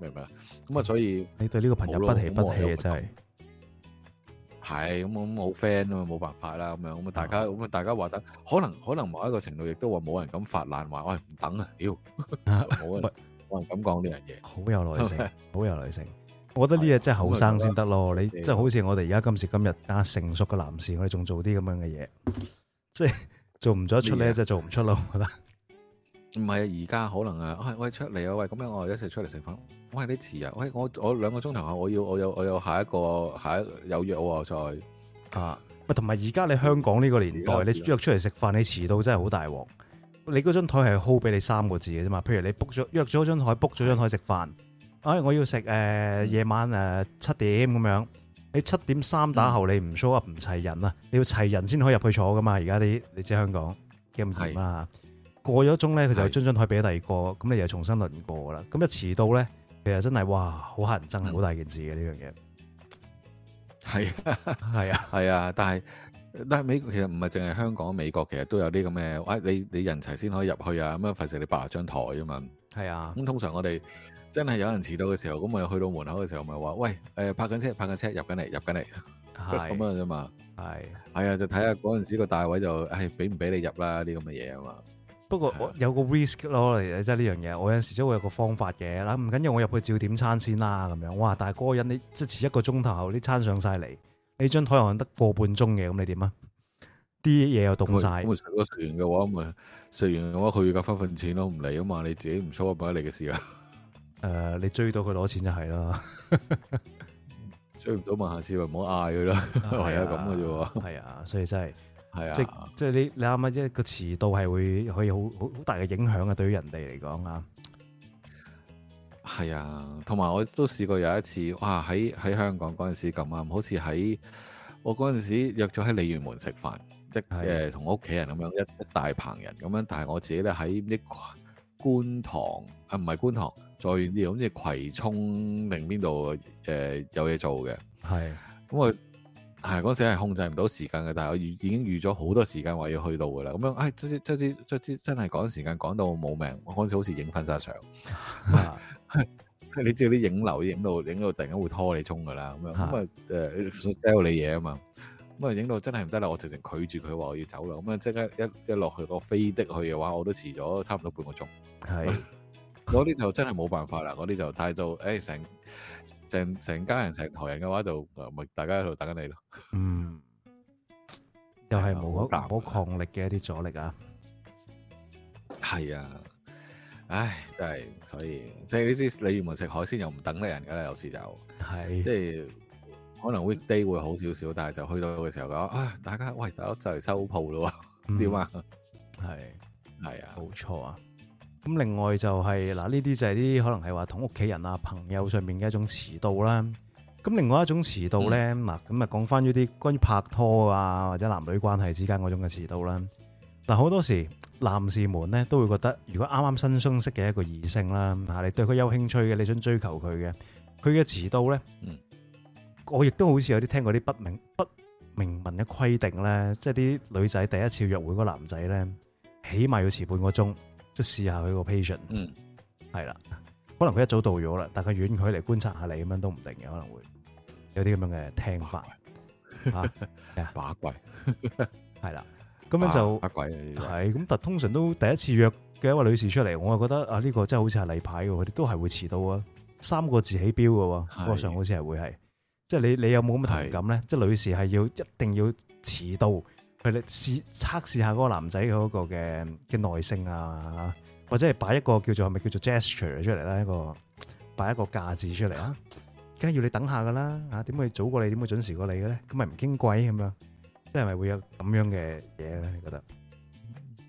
明唔明啊？咁啊，所以你對呢個朋友不離不棄啊！真係係咁我好 friend 啊，冇辦法啦。咁樣咁啊，大家咁啊，大家話等可能可能某一個程度亦都話冇人敢發爛話喂，唔等啊！屌 冇有人敢 人敢講呢樣嘢，好有耐性，好 有耐性。我覺得呢嘢真係後生先得咯。你即係、嗯嗯、好似我哋而家今時今日加成熟嘅男士，我哋仲做啲咁樣嘅嘢， 即係。做唔咗出嚟，就做唔出咯，覺得。唔係啊，而家可能啊，我、哎、係出嚟啊，喂，咁樣我係一齊出嚟食飯。我係你遲啊，我係我我兩個鐘頭後我要我有我有下一個下一個有約喎，在啊。喂，同埋、啊、而家你香港呢個年代，你約出嚟食飯，你遲到真係好大鑊。你嗰張台係 hold 俾你三個字嘅啫嘛。譬如你 book 咗約咗張台，book 咗張台食飯。我要食誒，夜、呃嗯、晚誒七、呃、點咁樣。你七點三打後你唔 show up 唔齊人啊？你要齊人先可以入去坐噶嘛？而家你你知香港咁嚴啦。過咗鐘咧，佢就將張台俾第二個，咁你又重新輪過啦。咁一遲到咧，其實真係哇，好乞人憎，好大件事嘅呢樣嘢。係啊，係啊，係啊。但係但係美國其實唔係淨係香港，美國其實都有啲咁嘅。喂，你你人齊先可以入去啊？咁啊，費事你霸住張台啊嘛。係啊。咁通常我哋。真係有人遲到嘅時候，咁咪去到門口嘅時候，咪話喂誒、呃，泊緊車，泊緊車入緊嚟，入緊嚟，咁樣啫嘛。係係啊，就睇下嗰陣時個大位就係俾唔俾你入啦。啲咁嘅嘢啊嘛。不過我有個 risk 咯，其實真係呢樣嘢。我有陣時都會有個方法嘅啦。唔緊要，我入去照點餐先啦。咁樣哇，大哥，嗰人你即係遲一個鐘頭，啲餐上晒嚟，你張台可能得個半鐘嘅，咁你點啊？啲嘢又凍晒。我食完嘅話，咪食完嘅話，佢要交翻份錢咯。唔嚟啊嘛，你自己唔坐唔得嚟嘅事啊。誒、uh，你追到佢攞錢就係啦， 追唔到咪下次咪唔好嗌佢咯，係 是啊咁嘅啫，係 啊，啊，所以真係係啊，即係即係你你啱啱即係個遲到係會可以好好好大嘅影響啊，對於人哋嚟講啊，係啊，同埋我都試過有一次，哇，喺喺香港嗰陣時咁啱，好似喺我嗰陣時約咗喺鯉魚門食飯，即係誒同屋企人咁樣一一大棚人咁樣，但係我自己咧喺啲觀塘啊，唔係觀塘。再遠啲，咁即葵涌定邊度？誒、呃、有嘢做嘅，係咁我係嗰陣時係控制唔到時間嘅，但係我預已經預咗好多時間話要去到嘅啦。咁樣，哎，即即即即真係趕時間，趕到我冇命。我嗰陣時好似影婚紗相， 你知啲影流影到影到，到突然間會拖你衝噶啦。咁樣咁啊誒 sell 你嘢啊嘛，咁啊影到真係唔得啦，我直情拒絕佢話我要走啦。咁啊即刻一一落去個飛的去嘅話，我都遲咗差唔多半個鐘。係。 嗰 啲就真係冇辦法啦，嗰啲就態度，誒成成成家人成台人嘅話就咪大家喺度等緊你咯。嗯，又係冇嗰個抗力嘅一啲阻力啊。係啊，唉，真係所以即係呢啲你原來食海鮮又唔等人噶啦，有時就係即係可能 weekday 會好少少，但係就去到嘅時候講啊，大家喂大佬就嚟收鋪咯，點、嗯、啊？係係啊，冇錯啊。咁另外就係、是、嗱，呢啲就係啲可能係話同屋企人啊、朋友上面嘅一種遲到啦。咁另外一種遲到咧，嗱、嗯、咁啊，講翻呢啲關於拍拖啊或者男女關係之間嗰種嘅遲到啦。嗱、啊，好多時男士們咧都會覺得，如果啱啱新相識嘅一個異性啦，吓你對佢有興趣嘅，你想追求佢嘅，佢嘅遲到咧，嗯，我亦都好似有啲聽過啲不明不明文嘅規定咧，即係啲女仔第一次約會個男仔咧，起碼要遲半個鐘。即係試一下佢個 patient，係、嗯、啦，可能佢一早到咗啦，但係遠距離觀察下你咁樣都唔定嘅，可能會有啲咁樣嘅聽法，把鬼係啦，咁、啊、樣就把鬼係咁，但通常都第一次約嘅一位女士出嚟，我係覺得啊呢、呢個真係好似係例牌嘅，佢哋都係會遲到啊，三個字起標嘅喎，波上好似係會係，即係你你有冇咁嘅同感咧？即係女士係要一定要遲到。佢你試測試下嗰個男仔嘅嗰個嘅嘅耐性啊，或者係擺一個叫做係咪叫做 gesture 出嚟啦？一個擺一個架子出嚟啊！梗係要你等下噶啦，吓點會早過你？點會準時過你嘅咧？咁咪唔矜貴咁樣，即係咪會有咁樣嘅嘢咧？你覺得？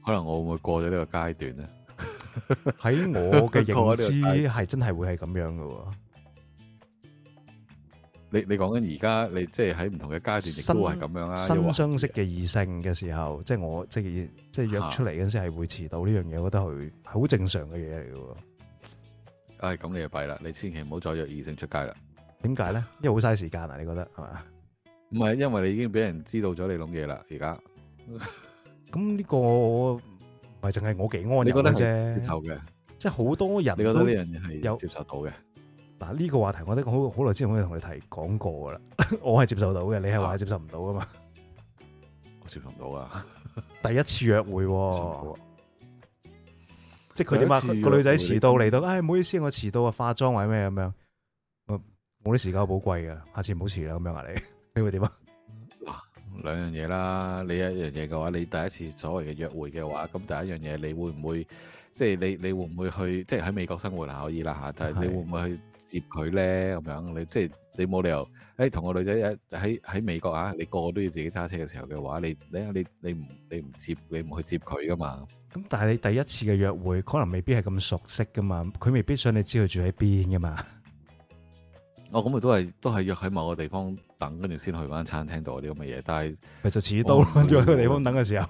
可能我會過咗呢個階段咧。喺我嘅認知係真係會係咁樣噶。你你講緊而家你即係喺唔同嘅階段亦都係咁樣啦。新相識嘅異性嘅時候，即係我即係即係約出嚟嗰陣時係會遲到呢樣嘢，我覺得佢好正常嘅嘢嚟嘅。唉、哎，咁你就弊啦，你千祈唔好再約異性出街啦。點解咧？因為好嘥時間啊，你覺得係嘛？唔係因為你已經俾人知道咗你諗嘢啦， 那這個、不只是而家。咁呢個唔係淨係我幾安，你覺得啫？接受嘅，即係好多人你覺得呢樣嘢都有接受到嘅。嗱、這、呢個話題我都好好耐之前可以同你提講過噶啦，我係接受到嘅，你係話接受唔到噶嘛？我接受唔到啊！第一次約會，即係佢點啊？個女仔遲到嚟到，唉、哎，唔好意思，我遲到啊，化妝或者咩咁樣。我啲時間好貴噶，下次唔好遲啦，咁樣啊，你你會點啊？嗱，兩樣嘢啦，你一樣嘢嘅話，你第一次所謂嘅約會嘅話，咁第一樣嘢你會唔會即係、就是、你你會唔會去即係喺美國生活啦？可以啦吓，就係、是、你會唔會去？接佢咧,咁樣，你即係你冇理由，誒、欸，同個女仔喺喺美國啊，你個個都要自己揸車嘅時候嘅話，你你你你唔你唔接，你唔去接佢噶嘛？咁但係你第一次嘅約會，可能未必係咁熟悉噶嘛，佢未必想你知佢住喺邊噶嘛。哦，咁啊都係都係約喺某個地方等，跟住先去返餐廳度啲咁嘅嘢。但係佢就遲到喺個地方等嘅時候，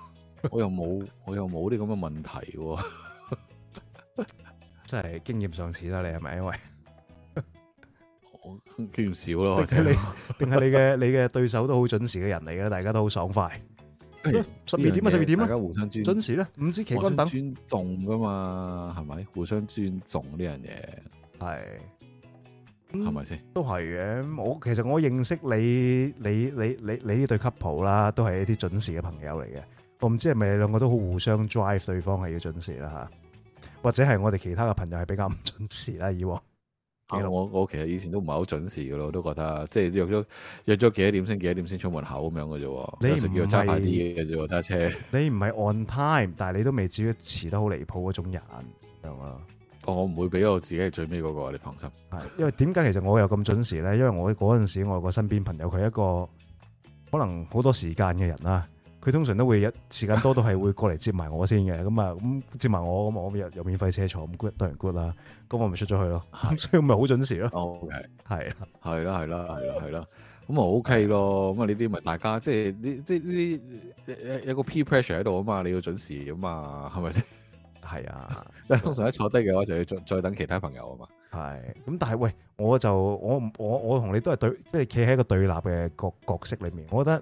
我又冇我又冇啲咁嘅問題、啊， 真係經驗尚淺啦，你係咪因為？幾唔少咯，或者你，定 係你嘅，你嘅對手都好準時嘅人嚟嘅，大家都好爽快。十二點啊，十二點啊，準時咧，唔知棋等等，尊重噶嘛，係咪？互相尊重呢樣嘢，係係咪先？都係嘅。我其實我認識你，你你你你呢對 couple 啦，都係一啲準時嘅朋友嚟嘅。我唔知係咪你兩個都好互相 drive 對方係要準時啦吓，或者係我哋其他嘅朋友係比較唔準時啦以往。啊，我我其實以前都唔係好準時嘅咯，我都覺得即係約咗約咗幾多點先幾多點先出門口咁樣嘅啫，有時要揸快啲嘅啫揸車。你唔係 on time，但係你都未至於遲得好離譜嗰種人咁咯。我我唔會俾我自己係最尾嗰個，你放心。係因為點解其實我有咁準時咧？因為我嗰時，我個身邊朋友佢一個可能好多時間嘅人啦。佢通常都會一時間多都係會過嚟接埋我先嘅，咁啊咁接埋我，咁我又有免費車坐，咁 good 當然 good 啦，咁我咪出咗去，okay. okay，咯，咁所以咪好準時咯。OK，係啊，係啦，係啦，係啦，係啦，咁啊 O K 咯，咁啊呢啲咪大家即係呢啲呢啲有有個 peer pressure 喺度啊嘛，你要準時啊嘛，係咪先？係啊，因為通常一坐低嘅話就要再等其他朋友啊嘛。係，咁但係喂，我就我我我同你都係對，即係企喺一個對立嘅角角色裏面，我覺得。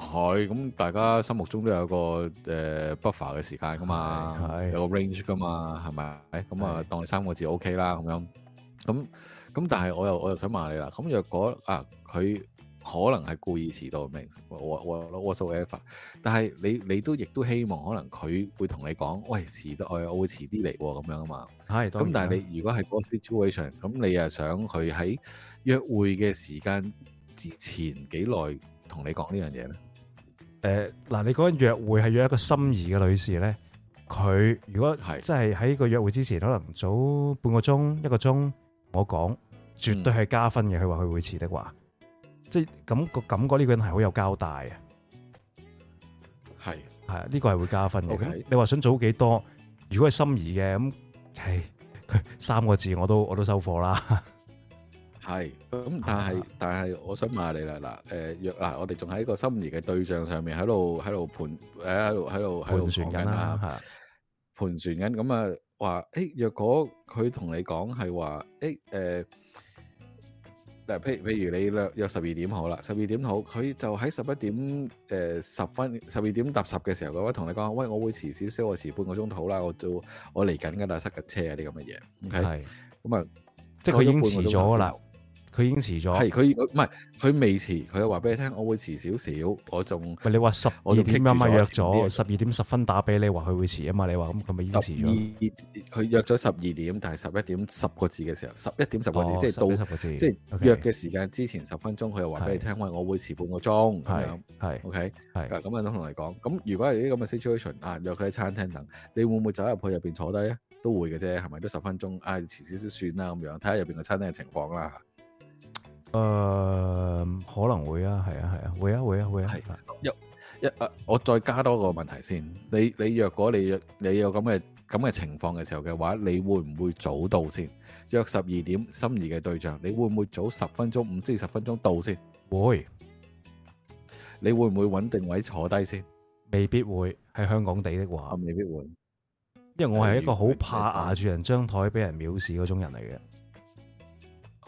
係，咁大家心目中都有個誒 buffer 嘅時間㗎嘛，有個 range 噶嘛，係咪？咁啊，當你三個字 OK 啦，咁樣，咁咁但係我又我又想問，問你啦，咁若果啊佢可能係故意遲到咩？我我我 soever，但係你你都亦都希望可能佢會同你講，喂，遲到，我我會遲啲嚟喎，咁樣啊嘛。係，咁但係你如果係嗰 situation，咁你又想佢喺約會嘅時間之前幾耐同你講呢樣嘢咧？誒，嗱，你講緊約會係約一個心儀嘅女士咧，佢如果即係喺個約會之前可能早半個鐘一個鐘，我講絕對係加分嘅。佢話佢會遲的話，即係咁個感覺呢個人係好有交代啊。係係，呢、這個係會加分嘅。Okay. 你話想早幾多？如果係心儀嘅咁，係、嗯、佢、哎、三個字我都我都收貨啦。係咁，但係、啊、但係，我想問下你啦，嗱、啊啊嗯，誒，若嗱，我哋仲喺一個心儀嘅對象上面喺度喺度盤誒，喺度喺度盤旋緊啦，盤旋緊咁啊，話誒，若果佢同你講係話誒，誒，嗱，譬譬如你約約十二點好啦，十二點好，佢就喺十一點誒十、呃、分十二點踏十嘅時候嘅話，同你講，喂，我會遲少少，我遲半個鐘頭啦，我就我嚟緊噶啦，塞緊車啊啲咁嘅嘢，OK，係，咁啊，即係佢已經遲咗啦。佢已經遲咗，係佢唔係佢未遲，佢又話俾你聽，我會遲少少我仲，咪你話十二點啊嘛，約咗十二點十分打俾你，話佢會遲啊嘛。12，你話咁咪已經遲咗。佢約咗十二點，但係十一點十個字嘅時候，十一點十個字、哦、個字，即係到十個字，即係約嘅時間之前十分鐘，佢又話俾你聽，話我會遲半個鐘咁樣。係，OK，係咁啊，想同你講，咁如果係啲咁嘅 situation 啊，約佢喺餐廳等，你會唔會走入去入邊坐低咧？都會嘅啫，係咪都十分鐘啊？遲少少算啦，咁樣睇下入邊個餐廳嘅情況啦。誒，可能會啊，係啊，係啊，會啊，會啊，會啊，係一一誒，我再加多個問題先，你你若果你你有咁嘅咁嘅情況嘅時候嘅話，你會唔會早到先？約十二點心儀嘅對象，你會唔會早十分鐘、五至十分鐘到先？會，你會唔會搵定位坐低先？未必會，喺香港地的話，啊，未必會，因為我係一個好怕挨住人張台俾人藐視嗰種人嚟嘅。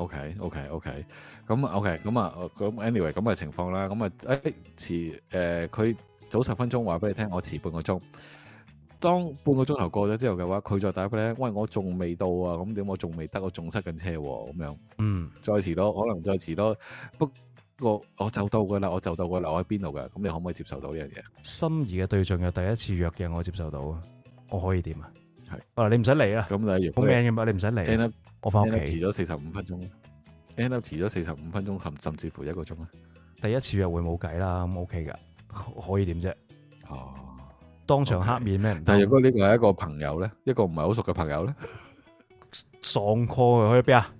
OK，OK，OK，咁啊 OK，咁啊咁 Anyway，咁嘅情況啦，咁啊誒遲誒，佢早十分鐘話俾你聽，我遲半個鐘。當半個鐘頭過咗之後嘅話，佢再打俾你。喂，我仲未到啊，咁點？我仲未得，我仲塞緊車，咁樣，嗯，再遲多，可能再遲多，不過我就到噶啦，我就到噶啦，我喺邊度噶，咁你可唔可以接受到呢樣嘢？心儀嘅對象嘅第一次約嘅，我接受到，我可以點啊？係，嗱，你唔使嚟啊，咁你好 man 嘅嘛，你唔使嚟。我翻屋企，遲咗四十五分鐘，end up 遲咗四十五分鐘，甚甚至乎一個鐘啊！第一次又會冇計啦，咁 OK 噶，可以點啫？哦，當場黑面咩、okay？但係如果呢個係一個朋友咧，一個唔係好熟嘅朋友咧，喪 call 佢去邊啊？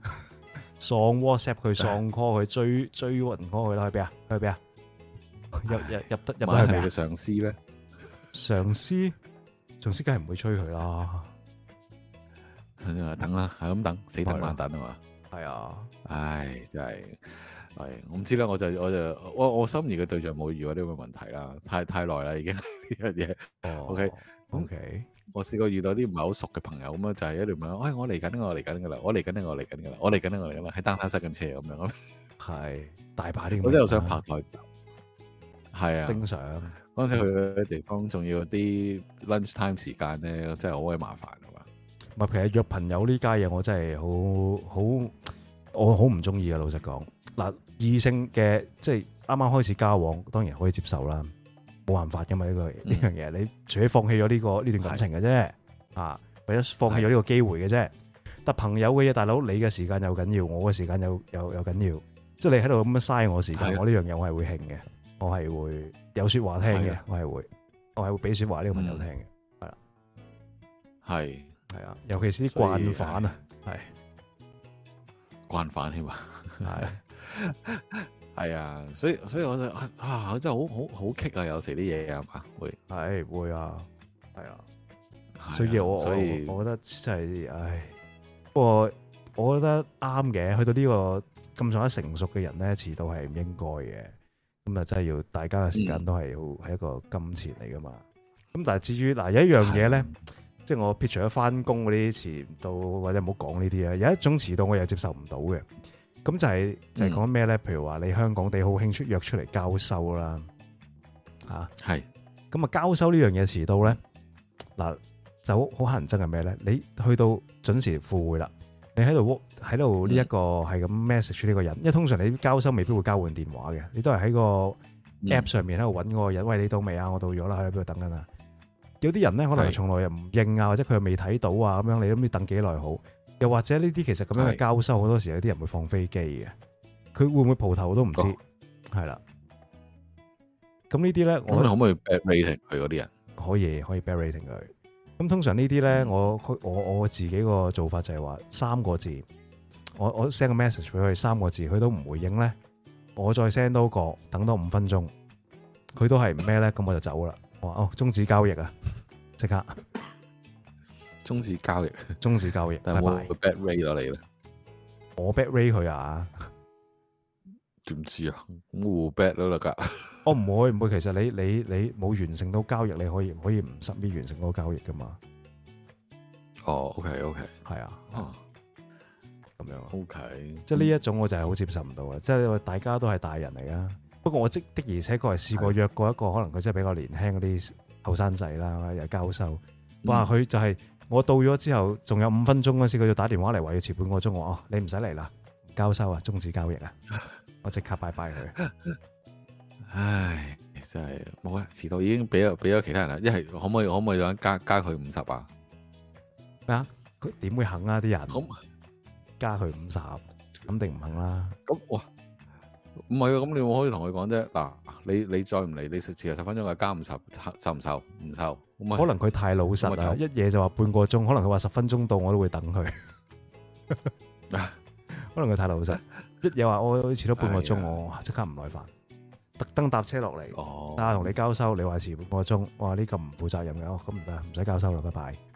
喪 WhatsApp 佢，喪 call 佢，追追匀佢啦，去邊啊？去邊啊？入入入得入得係你嘅上司咧？上司，上司梗係唔會催佢啦。等啦，係咁等，死等爛等啊嘛！係啊，唉，真係，係我唔知啦，我就我就我我心儀嘅對象冇遇過呢咁嘅問題啦，太太耐啦已經呢樣嘢。OK OK，我試過遇到啲唔係好熟嘅朋友咁、就是、樣，就係一條問，哎，我嚟緊，我嚟緊噶啦，我嚟緊咧，我嚟緊噶啦，我嚟緊呢我嚟緊啦，喺單車塞緊車咁樣係大把添，我真係想拍台。係啊，正、啊、常。嗰陣時去嘅地方仲要啲 lunch time 時間咧，真係好鬼麻煩。唔係，其實約朋友呢家嘢，我真係好好，我好唔中意嘅。老實講，嗱，異性嘅即係啱啱開始交往，當然可以接受啦，冇辦法噶嘛，呢個呢樣嘢。你除非放棄咗呢個呢段感情嘅啫，啊，或者放棄咗呢個機會嘅啫。但朋友嘅嘢，大佬你嘅時間又緊要，我嘅時間又又又緊要，即係你喺度咁樣嘥我時間，我呢樣嘢我係會興嘅，我係會有説話聽嘅，我係會我係會俾説話呢個朋友聽嘅，係啦，係。係啊，尤其是啲慣犯以啊，係慣犯添嘛，係係啊， 啊，所以所以我就啊我真係好好好棘啊，有時啲嘢，啊嘛會係會啊，係啊，所以我所以我覺得真係唉，不過我覺得啱，就，嘅，是，去到呢個咁上一成熟嘅人咧，遲到係唔應該嘅，咁啊真係要大家嘅時間都係好係一個金錢嚟噶嘛，咁、嗯、但係至於嗱、啊，有一樣嘢咧，即係，我撇除咗翻工嗰啲遲到，或者唔好講呢啲啊，有一種遲到我又接受唔到嘅，咁就係就係講咩咧？譬如話你香港地好興出約出嚟交收啦，嚇係。咁啊交收呢樣嘢遲到咧嗱，就好好乞人憎嘅咩咧？你去到準時赴會啦，你喺度喺度呢一個係咁 message 呢個人，因為通常你交收未必會交換電話嘅，你都係喺個 app 上面喺度揾嗰個人，喂，你到未啊？我到咗啦，喺度等緊啊？有啲人咧，可能從來又唔應啊，或者佢又未睇到啊，咁樣你都唔知等幾耐好。又或者呢啲其實咁樣嘅交收，好多時有啲人會放飛機嘅，佢會唔會蒲頭都唔知，係、嗯、啦。咁呢啲咧，咁你、嗯、可唔可以 at rating 佢嗰啲人？可以，可以 at rating 佢。咁通常這些呢啲咧、嗯，我我我自己個做法就係話三個字，我我 send 個 message 俾佢三個字，佢都唔回應咧，我再 send 多個，等多五分鐘，佢都係咩咧？咁、嗯、我就走啦。哦，終止交易啊，即刻終止交易，終止交易。但係我 betray 咗你啦，我 betray 佢啊？點知啊？我 bet 都得噶。我唔會唔會，其實你你你冇完成到交易，你可以唔可以唔十秒完成嗰個交易噶嘛？哦、oh,，OK OK，係啊，咁、oh. 樣，OK 即。即係呢一種，我就係好接受唔到啊！即係大家都係大人嚟噶。不過我即的而且確係試過約過一個，可能佢真係比較年輕嗰啲後生仔啦，又交收。哇！佢就係我到咗之後，仲有五分鐘嗰時，佢就打電話嚟話要遲半個鐘。我，哦，你唔使嚟啦，交收啊，終止交易啊，我即刻拜拜佢。唉，真係冇啦，遲到已經俾咗俾咗其他人啦。一係可唔可以可唔可以加加佢五十啊？咩啊？佢點會肯啊？啲人加佢五十，肯定唔肯啦。咁哇！唔係啊，咁你我可以同佢講啫。嗱，你你再唔嚟，你遲咗十分鐘又加五十，收唔收？唔收？嗯。可能佢太老實一嘢就話半個鐘，可能佢話十分鐘到，我都會等佢。可能佢太老實，嗯、了一嘢話我遲咗半個鐘，鐘我即、啊啊哎哦、刻唔耐煩，特登搭車落嚟，哦、啊，同你交收。你話遲半個鐘，哇，呢個唔負責任嘅，咁唔得，唔、哦、使、嗯嗯、交收啦，拜拜。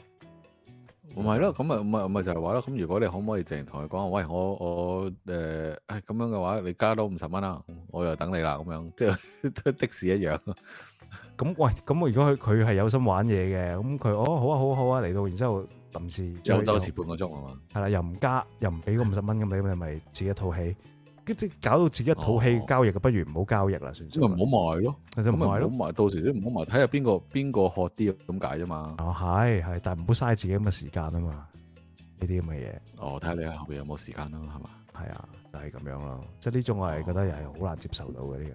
唔係咯，咁咪唔唔咪就係話咯，咁如果你可唔可以直接同佢講，喂，我我呃、咁樣嘅話，你加多五十蚊啦，我又等你啦，咁樣即係的士一樣。咁、嗯、喂，咁、嗯、我如果佢佢係有心玩嘢嘅，咁、嗯、佢哦好啊好啊好啊嚟到，然之後，後臨時即係收遲半個鐘係嘛？係啦，又唔加又唔俾個五十蚊咁，你咪咪自己一套戲。即係搞到自己一肚氣交易嘅、哦，不如唔好交易啦，算即係唔好賣咯，就唔好賣咯，唔好賣，到時都唔好賣，睇下邊個邊個學啲咁解啫嘛。哦，係係，但係唔好嘥自己咁嘅時間啊嘛。呢啲咁嘅嘢。哦，睇下你後、啊、邊有冇時間啦，係嘛？係啊，就係、是、咁樣咯。即係呢種我係覺得又係好難接受到嘅呢、哦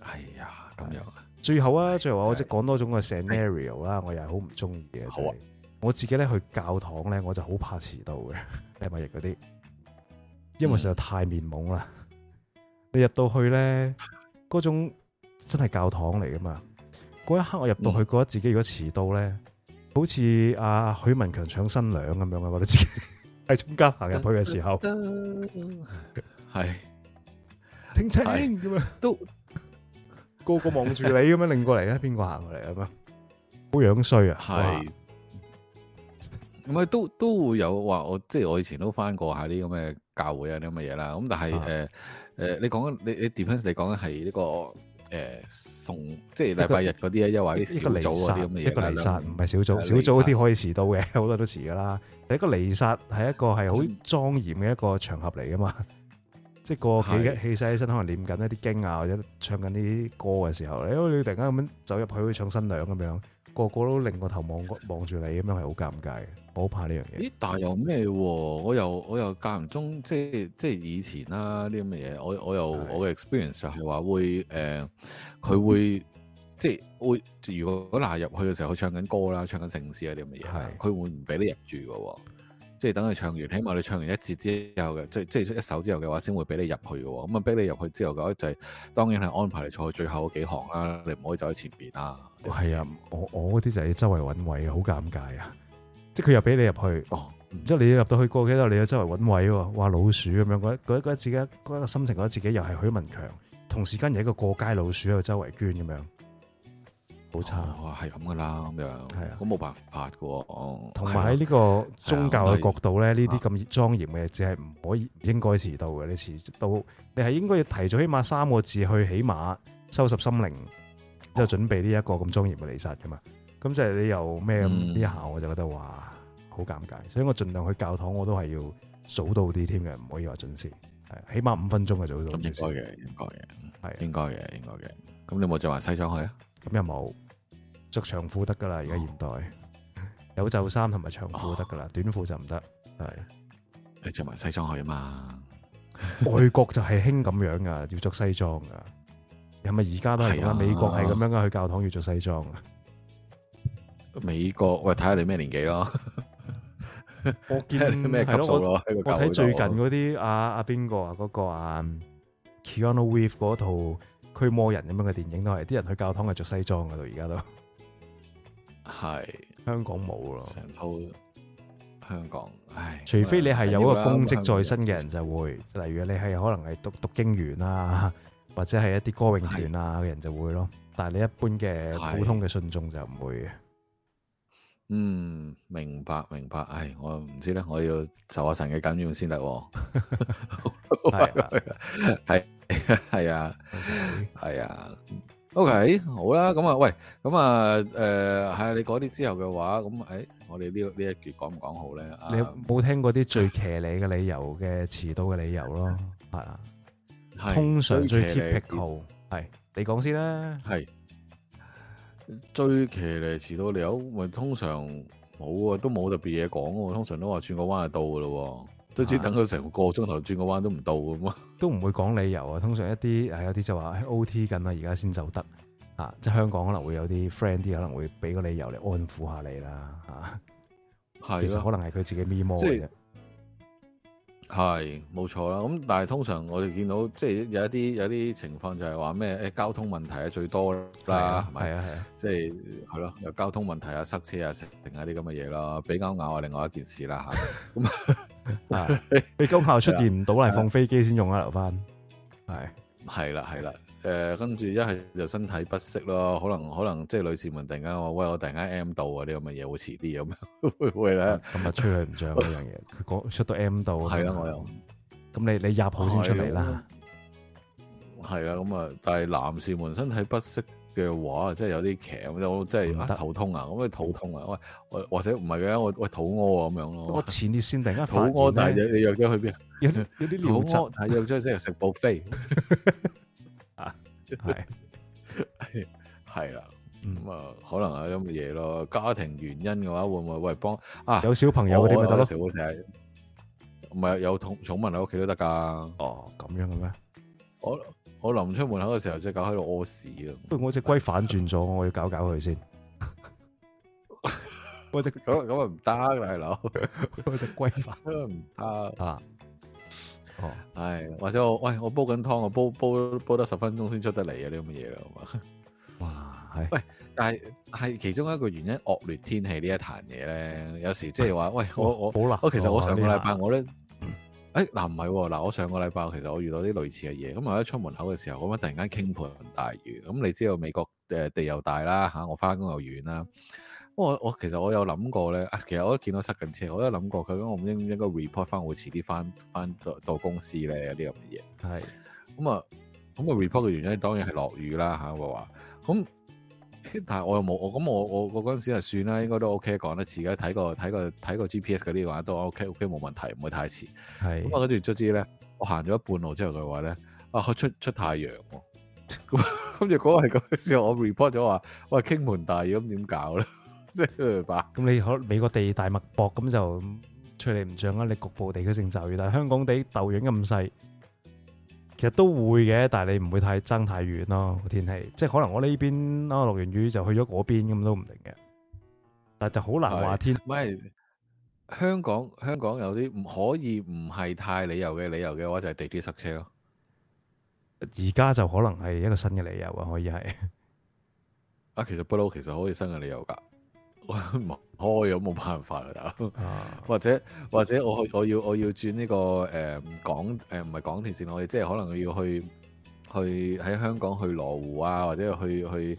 哎、樣。係啊，咁樣。最後啊，就是、最後我即係講多種嘅 scenario 啦、就是，我又係好唔中意嘅。好啊。我自己咧去教堂咧，我就好怕遲到嘅，禮拜日嗰啲。因為實在太面懵啦，你入到去咧，嗰種真係教堂嚟噶嘛？嗰一刻我入到去，覺得自己如果遲到咧，好似阿、啊、許文強搶新娘咁樣啊！我覺得自己係中間行入去嘅時候，係聽清咁樣，都個個望住你咁樣，擰過嚟啊！邊個行過嚟咁樣？好樣衰啊！係唔係都都會有話我，即係我以前都翻過下啲咁嘅。教會啊啲咁嘅嘢啦，咁但係誒誒，你講，你你 depends 嚟講咧係呢個誒、呃、送，即係禮拜日嗰啲啊，又或者啲小組啊一個彌撒唔係小組，小組嗰啲可以遲到嘅，好多都遲噶啦。一個彌撒係一個係好莊嚴嘅一個場合嚟噶嘛，嗯、即係個氣氣勢起,起身，可能念緊一啲經啊，或者唱緊啲歌嘅時候，因為你突然間咁樣走入去,去去唱新娘咁樣。個個都擰個頭望望住你咁樣，係好尷尬嘅，我好怕呢樣嘢。咦？但有咩、啊？我又我又間唔中，即係即係以前啦啲咁嘅嘢。我我又我嘅 experience 就係話會誒，佢、呃、會即係會如果嗱入去嘅時候佢唱緊歌啦，唱緊城市啊啲咁嘅嘢，佢會唔俾你入住嘅、啊。即係等你唱完，起碼你唱完一節之後嘅，即即一首之後嘅話，先會俾你入去嘅、啊。咁啊俾你入去之後嘅話就係、是、當然係安排你坐喺最後嗰幾行啦，你唔可以走喺前邊啦。係啊，我我嗰啲就係周圍揾位好尷尬啊！即係佢又俾你入去，哦，即係你要入到去過街，你又周圍揾位喎，哇，老鼠咁樣，覺得覺得自己覺得個心情覺得自己又係許文強，同時間又有一個過街老鼠喺度周圍捐咁樣，好差，係咁噶啦，咁樣，係啊，咁冇辦法噶，哦，同埋喺呢個宗教嘅角度咧，呢啲咁莊嚴嘅，只係唔可以，應該遲到嘅你遲到，你係應該要提早起碼三個字去，起碼收拾心靈。就準備呢一個咁莊嚴嘅彌撒噶嘛，咁即係你又咩？呢、嗯、下我就覺得哇，好尷尬，所以我盡量去教堂，我都係要早到啲添嘅，唔可以話準時，係起碼五分鐘就早到。咁應該嘅，應該嘅，係應該嘅，應該嘅。咁你冇着埋西裝去啊？咁又冇着長褲得噶啦，而家現代、哦、 有袖衫同埋長褲得噶啦，短褲就唔得。係你着埋西裝去啊嘛？外國就係興咁樣噶， 要着西裝噶。係咪而家都係而家、啊、美國係咁樣噶，去教堂要着西裝。美國，喂看看 我睇下你咩年紀咯。我見係我睇最近嗰啲阿阿邊個啊，嗰、啊啊那個啊，那個、啊，Keanu Reeves 嗰套《驅魔人》咁樣嘅電影都，都係啲人去教堂係着西裝噶。到而家都係香港冇咯，成套香港。唉，除非你係有一個公職在身嘅人，就會，例如你係可能係讀讀經員啦、啊。或者係一啲歌詠團啊嘅人就會咯，是但係你一般嘅普通嘅信眾就唔會嘅。嗯，明白明白。唉，我唔知咧，我要受下神嘅感染先得。係係啊係啊。 是的 o、okay. K，、okay? 好啦，咁啊，喂，咁啊，誒、呃，係你講啲之後嘅話，咁誒，我哋呢個呢一節講唔講好咧？你冇聽過啲最騎呢嘅理由嘅 遲到嘅理由咯？係啊。通常最 typical，係你講先啦。係最騎呢遲到理由咪通常冇啊，都冇特別嘢講啊。通常都話轉個彎就到噶咯，都只等佢成個鐘頭轉個彎都唔到咁啊。都唔會講理由啊。通常一啲誒，有啲就話喺 O T 緊啊，而家先走得啊。即係香港可能會有啲 friend 啲，可能會俾個理由嚟安撫下你啦。吓、啊，其實可能係佢自己咪摸嘅啫。係冇錯啦，咁但係通常我哋見到即係有一啲有啲情況就係話咩誒交通問題啊最多啦，係咪係啊係啊，即係係咯，有交通問題啊塞車啊定啊啲咁嘅嘢咯，俾狗咬啊另外一件事啦吓，咁啊你狗咬出現唔到，係放飛機先用啊留翻，係係啦係啦。是誒、呃，跟住一係就身體不適咯，可能可能即係女士們突然間話喂，我突然間 M 到啊，啲咁嘅嘢會遲啲咁樣，會啦，咁啊、嗯嗯嗯、吹佢唔脹嗰樣嘢，佢講出到 M 到係啦，我又，咁你你入好先出嚟啦，係啦，咁啊，但係男士們身體不適嘅話，即係有啲強，即係肚痛啊，咁你肚痛啊，喂，或者唔係嘅，我喂肚屙啊咁樣咯，我前列腺突然間肚屙，但係你約咗去邊啊？有有啲肚屙，係約咗即係食 b u 係係啦，咁 啊、嗯嗯、可能係咁嘅嘢咯。家庭原因嘅話，會唔會為幫啊有小朋友嗰啲咪得咯？睇。唔、啊、係有寵寵物喺屋企都得噶。哦，咁樣嘅咩？我我臨出門口嘅時候，隻狗喺度屙屎啊！不過我隻龜反轉咗， 我要搞搞佢先 不不不。我只咁咁啊唔得，大 佬。我隻龜反唔得啊啊！ 哦、oh.，係或者我喂我煲緊湯，我煲煲煲得十分鐘先出得嚟啊！啲咁嘅嘢哇，係喂，但係係其中一個原因惡劣天氣一呢一壇嘢咧，有時即係話喂我我 我其實我上個禮拜我咧誒嗱唔係嗱我上個禮拜其實我遇到啲類似嘅嘢，咁我喺出門口嘅時候咁啊突然間傾盆大雨，咁、嗯、你知道美國誒地又大啦吓、啊，我翻工又遠啦。我我其實我有諗過咧，其實我都見到塞緊車，我都諗過佢。咁，我應唔應該 report 翻，會遲啲翻翻到公司咧啲咁嘅嘢。係，咁啊咁啊 report 嘅原因當然係落雨啦嚇我話，咁但係我又冇我咁我我我嗰陣時就算啦，應該都 OK，講得遲嘅，睇個睇個睇個 GPS 嗰啲話都 OK OK 冇問題，唔會太遲。係咁啊，跟住卒之咧，我行咗一半路之後佢話咧，啊出出太陽喎、哦，咁 如果嗰係咁嘅時候， 我 report 咗話，喂傾盆大雨咁點搞咧？即係吧，咁你可能美國地大物博，咁就吹你唔漲啦。你局部地區性驟雨，但係香港地豆影咁細，其實都會嘅，但係你唔會太爭太遠咯。個天氣即係可能我呢邊啊落完雨就去咗嗰邊，咁都唔定嘅。但係就好難話天。唔係香港，香港有啲唔可以唔係太理由嘅理由嘅話，就係、是、地鐵塞車咯。而家就可能係一個新嘅理由啊，可以係。啊，其實不嬲其實可以新嘅理由噶。唔開咁冇辦法啦，啊，或者或者我我要我要轉呢、呢個誒、呃、港誒唔係港鐵線，我哋即係可能要去去喺香港去羅湖啊，或者去去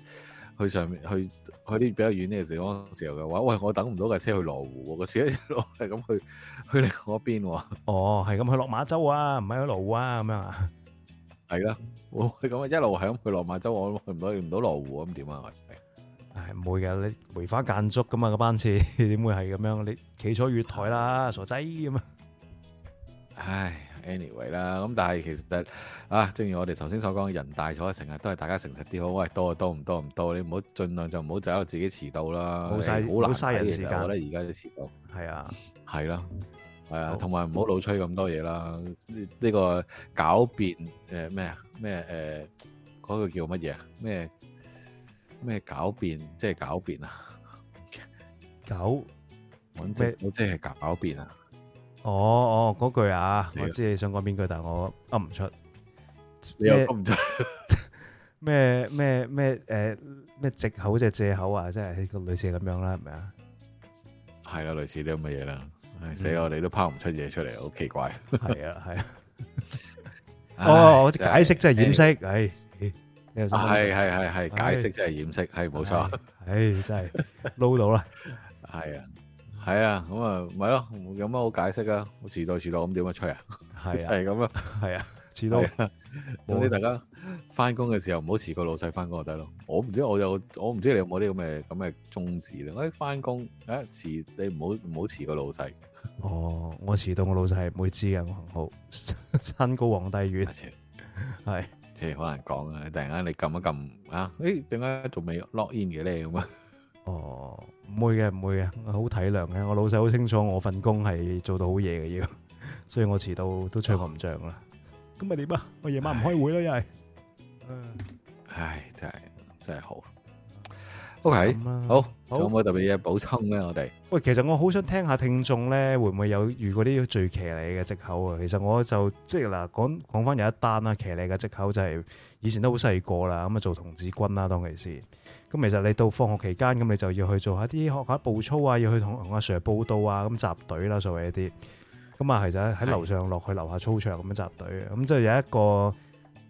去上面去去啲比較遠嘅地方，時候嘅話，喂，我等唔到架車去羅湖，我一路係咁去去另一邊喎。哦，係咁去落馬洲啊，唔係去羅湖啊，咁、啊哦樣，啊啊、樣啊？係啦，我係咁一路係咁去落馬洲，我去唔到去唔到羅湖咁點啊？係、哎、唔會嘅，你梅花間竹噶嘛？個班次點會係咁樣？你企坐月台啦，傻仔咁啊！唉，anyway 啦，咁但係其實啊，正如我哋頭先所講，人大咗成日都係大家誠實啲、欸啊啊嗯啊、好。喂，多就多，唔多唔多，你唔好盡量就唔好就喺度自己遲到啦。好嘥好嘥人時間，我咧而家都遲到。係啊，係啦，係啊，同埋唔好老吹咁多嘢啦。呢呢個狡辯誒咩啊咩誒嗰個叫乜嘢啊咩？呃咩狡辯？即係狡辯啊！狡，我即我即係狡辯啊！哦哦，嗰句啊，我知你想講邊句，但係我噏唔出。噏唔出？咩咩咩？誒，咩借、呃、口即借口啊？即係類似咁樣啦，係咪啊？係啦，類似啲咁嘅嘢啦。唉、嗯，死我，你都拋唔出嘢出嚟，好奇怪。係、嗯、啊，係啊。哦、 哎，我解釋即係掩飾，唉、啊。哎係係係係解釋就係掩飾，係冇錯。唉，真係撈到啦。係啊，係啊，咁啊，咪咯，有乜好解釋啊？遲到遲到，咁點樣吹啊？係係咁啊，係啊，遲到。總之大家翻工嘅時候，唔好遲過老細翻工就得咯。我唔知我有，我唔知你有冇啲咁嘅咁嘅宗旨咧。我啲翻工啊，遲、欸、你唔好唔好遲過老細。哦，我遲到我老細唔會知嘅，我好山高皇帝遠，係。即係好難講啊！突然間你撳一撳啊，誒，點解仲未落 in 嘅咧？咁啊，哦，唔會嘅，唔會嘅，好體諒嘅。我老細好清楚我份工係做到好夜嘅要，所以我遲到都吹我唔脹啦。咁咪點啊？我夜晚唔開會咯，因為，唉，真係真係好。OK 好，有有補好，有冇特別嘢補充咧？我哋喂，其實我好想聽下聽眾咧，會唔會有遇過啲最騎呢嘅藉口啊？其實我就即係嗱，講講翻有一單啦，騎呢嘅藉口就係以前都好細個啦，咁啊做童子軍啦，當其時咁，其實你到放學期間，咁你就要去做下啲學下步操啊，要去同同阿 Sir 報到啊，咁集隊啦，所謂一啲咁啊，係就喺樓上落去樓下操場咁樣集隊嘅，咁即係有一個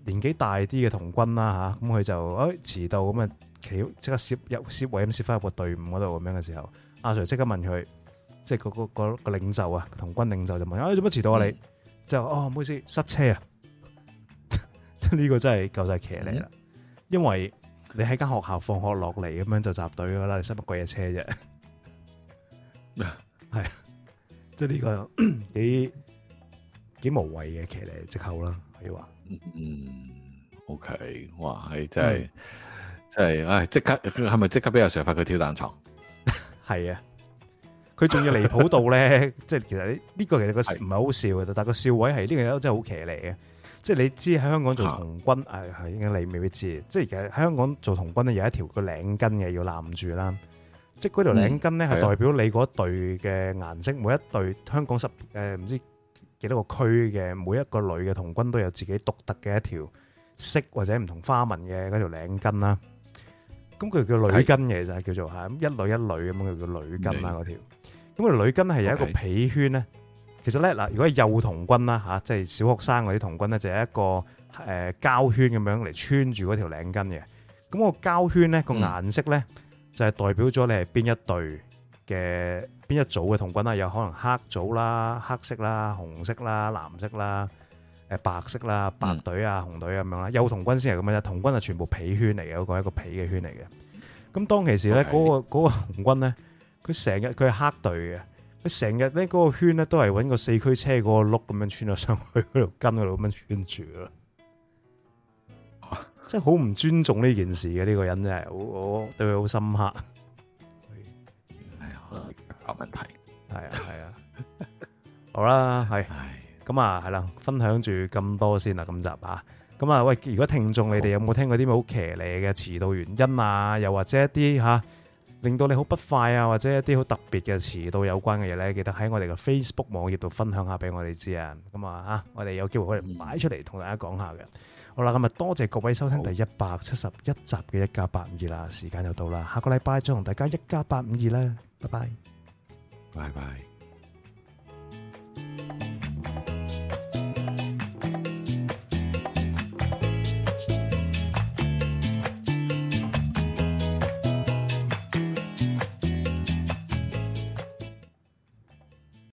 年紀大啲嘅童軍啦吓，咁佢就誒哎、遲到咁啊。騎即刻攝入攝位咁攝翻入個隊伍嗰度咁樣嘅時候，阿 Sir 即刻問佢，即係嗰個個領袖啊，同軍領袖就問，哎，做乜遲到啊你？嗯、就哦，唔好意思，塞車啊！即 呢個真係夠晒騎呢啦，因為你喺間學校放學落嚟咁樣就集隊噶啦，你塞乜鬼嘢車啫？係、啊 這個， 即呢個幾幾無謂嘅騎呢？之後啦，可以話，嗯嗯，OK，哇，係真係。嗯即係，唉！即刻係咪即刻俾阿 Sir 發佢跳彈床？係啊，佢仲要離譜到咧！即係其實呢個其實個唔係好笑嘅，但係個笑位係呢個真係好騎呢嘅。即係你知喺香港做童軍，唉，係應該你未必知。即係其實喺香港做童軍咧，有一條個領巾嘅要攬住啦。即係嗰條領巾咧係代表你嗰隊嘅顏色，每一隊香港十誒唔知幾多個區嘅每一個女嘅童軍都有自己獨特嘅一條色或者唔同花紋嘅嗰條領巾啦。咁佢叫女巾嘅就係，叫做嚇，一女一女咁佢叫女巾啦嗰條。咁個女巾係有一個皮圈咧，其實咧嗱，如果係幼童軍啦嚇，即係小學生嗰啲童軍咧，就係一個誒膠圈咁樣嚟穿住嗰條領巾嘅。咁個膠圈咧個顏色咧就係代表咗你係邊一隊嘅邊一組嘅童軍啦，有可能黑組啦、黑色啦、紅色啦、藍色啦。白色啦，白隊啊，紅隊咁、啊、樣啦，有童軍先係咁樣啫。童軍啊，全部皮圈嚟嘅嗰個一個皮嘅圈嚟嘅。咁當其時咧，嗰、那個嗰、那個紅軍咧，佢成日佢係黑隊嘅，佢成日咧嗰個圈咧都係搵個四驅車嗰個碌咁樣穿咗上去嗰度跟嗰度咁樣穿住咯。嚇！真係好唔尊重呢件事嘅呢、這個人真係，我我對佢好深刻。係啊，搞問題。係啊，係啊。 好啦，係。咁啊，係啦，分享住咁多先啦，今集吓。咁啊，喂，如果聽眾你哋有冇聽過啲咩好騎呢嘅遲到原因啊？又或者一啲嚇令到你好不快啊？或者一啲好特別嘅遲到有關嘅嘢呢，記得喺我哋嘅 Facebook 網頁度分享下俾我哋知啊。咁啊吓，我哋有機會可以擺出嚟同大家講下嘅。好啦，咁啊，多謝各位收聽第一百七十一集嘅一家八五二啦，時間又到啦，下個禮拜再同大家一家八五二啦，拜拜，拜拜。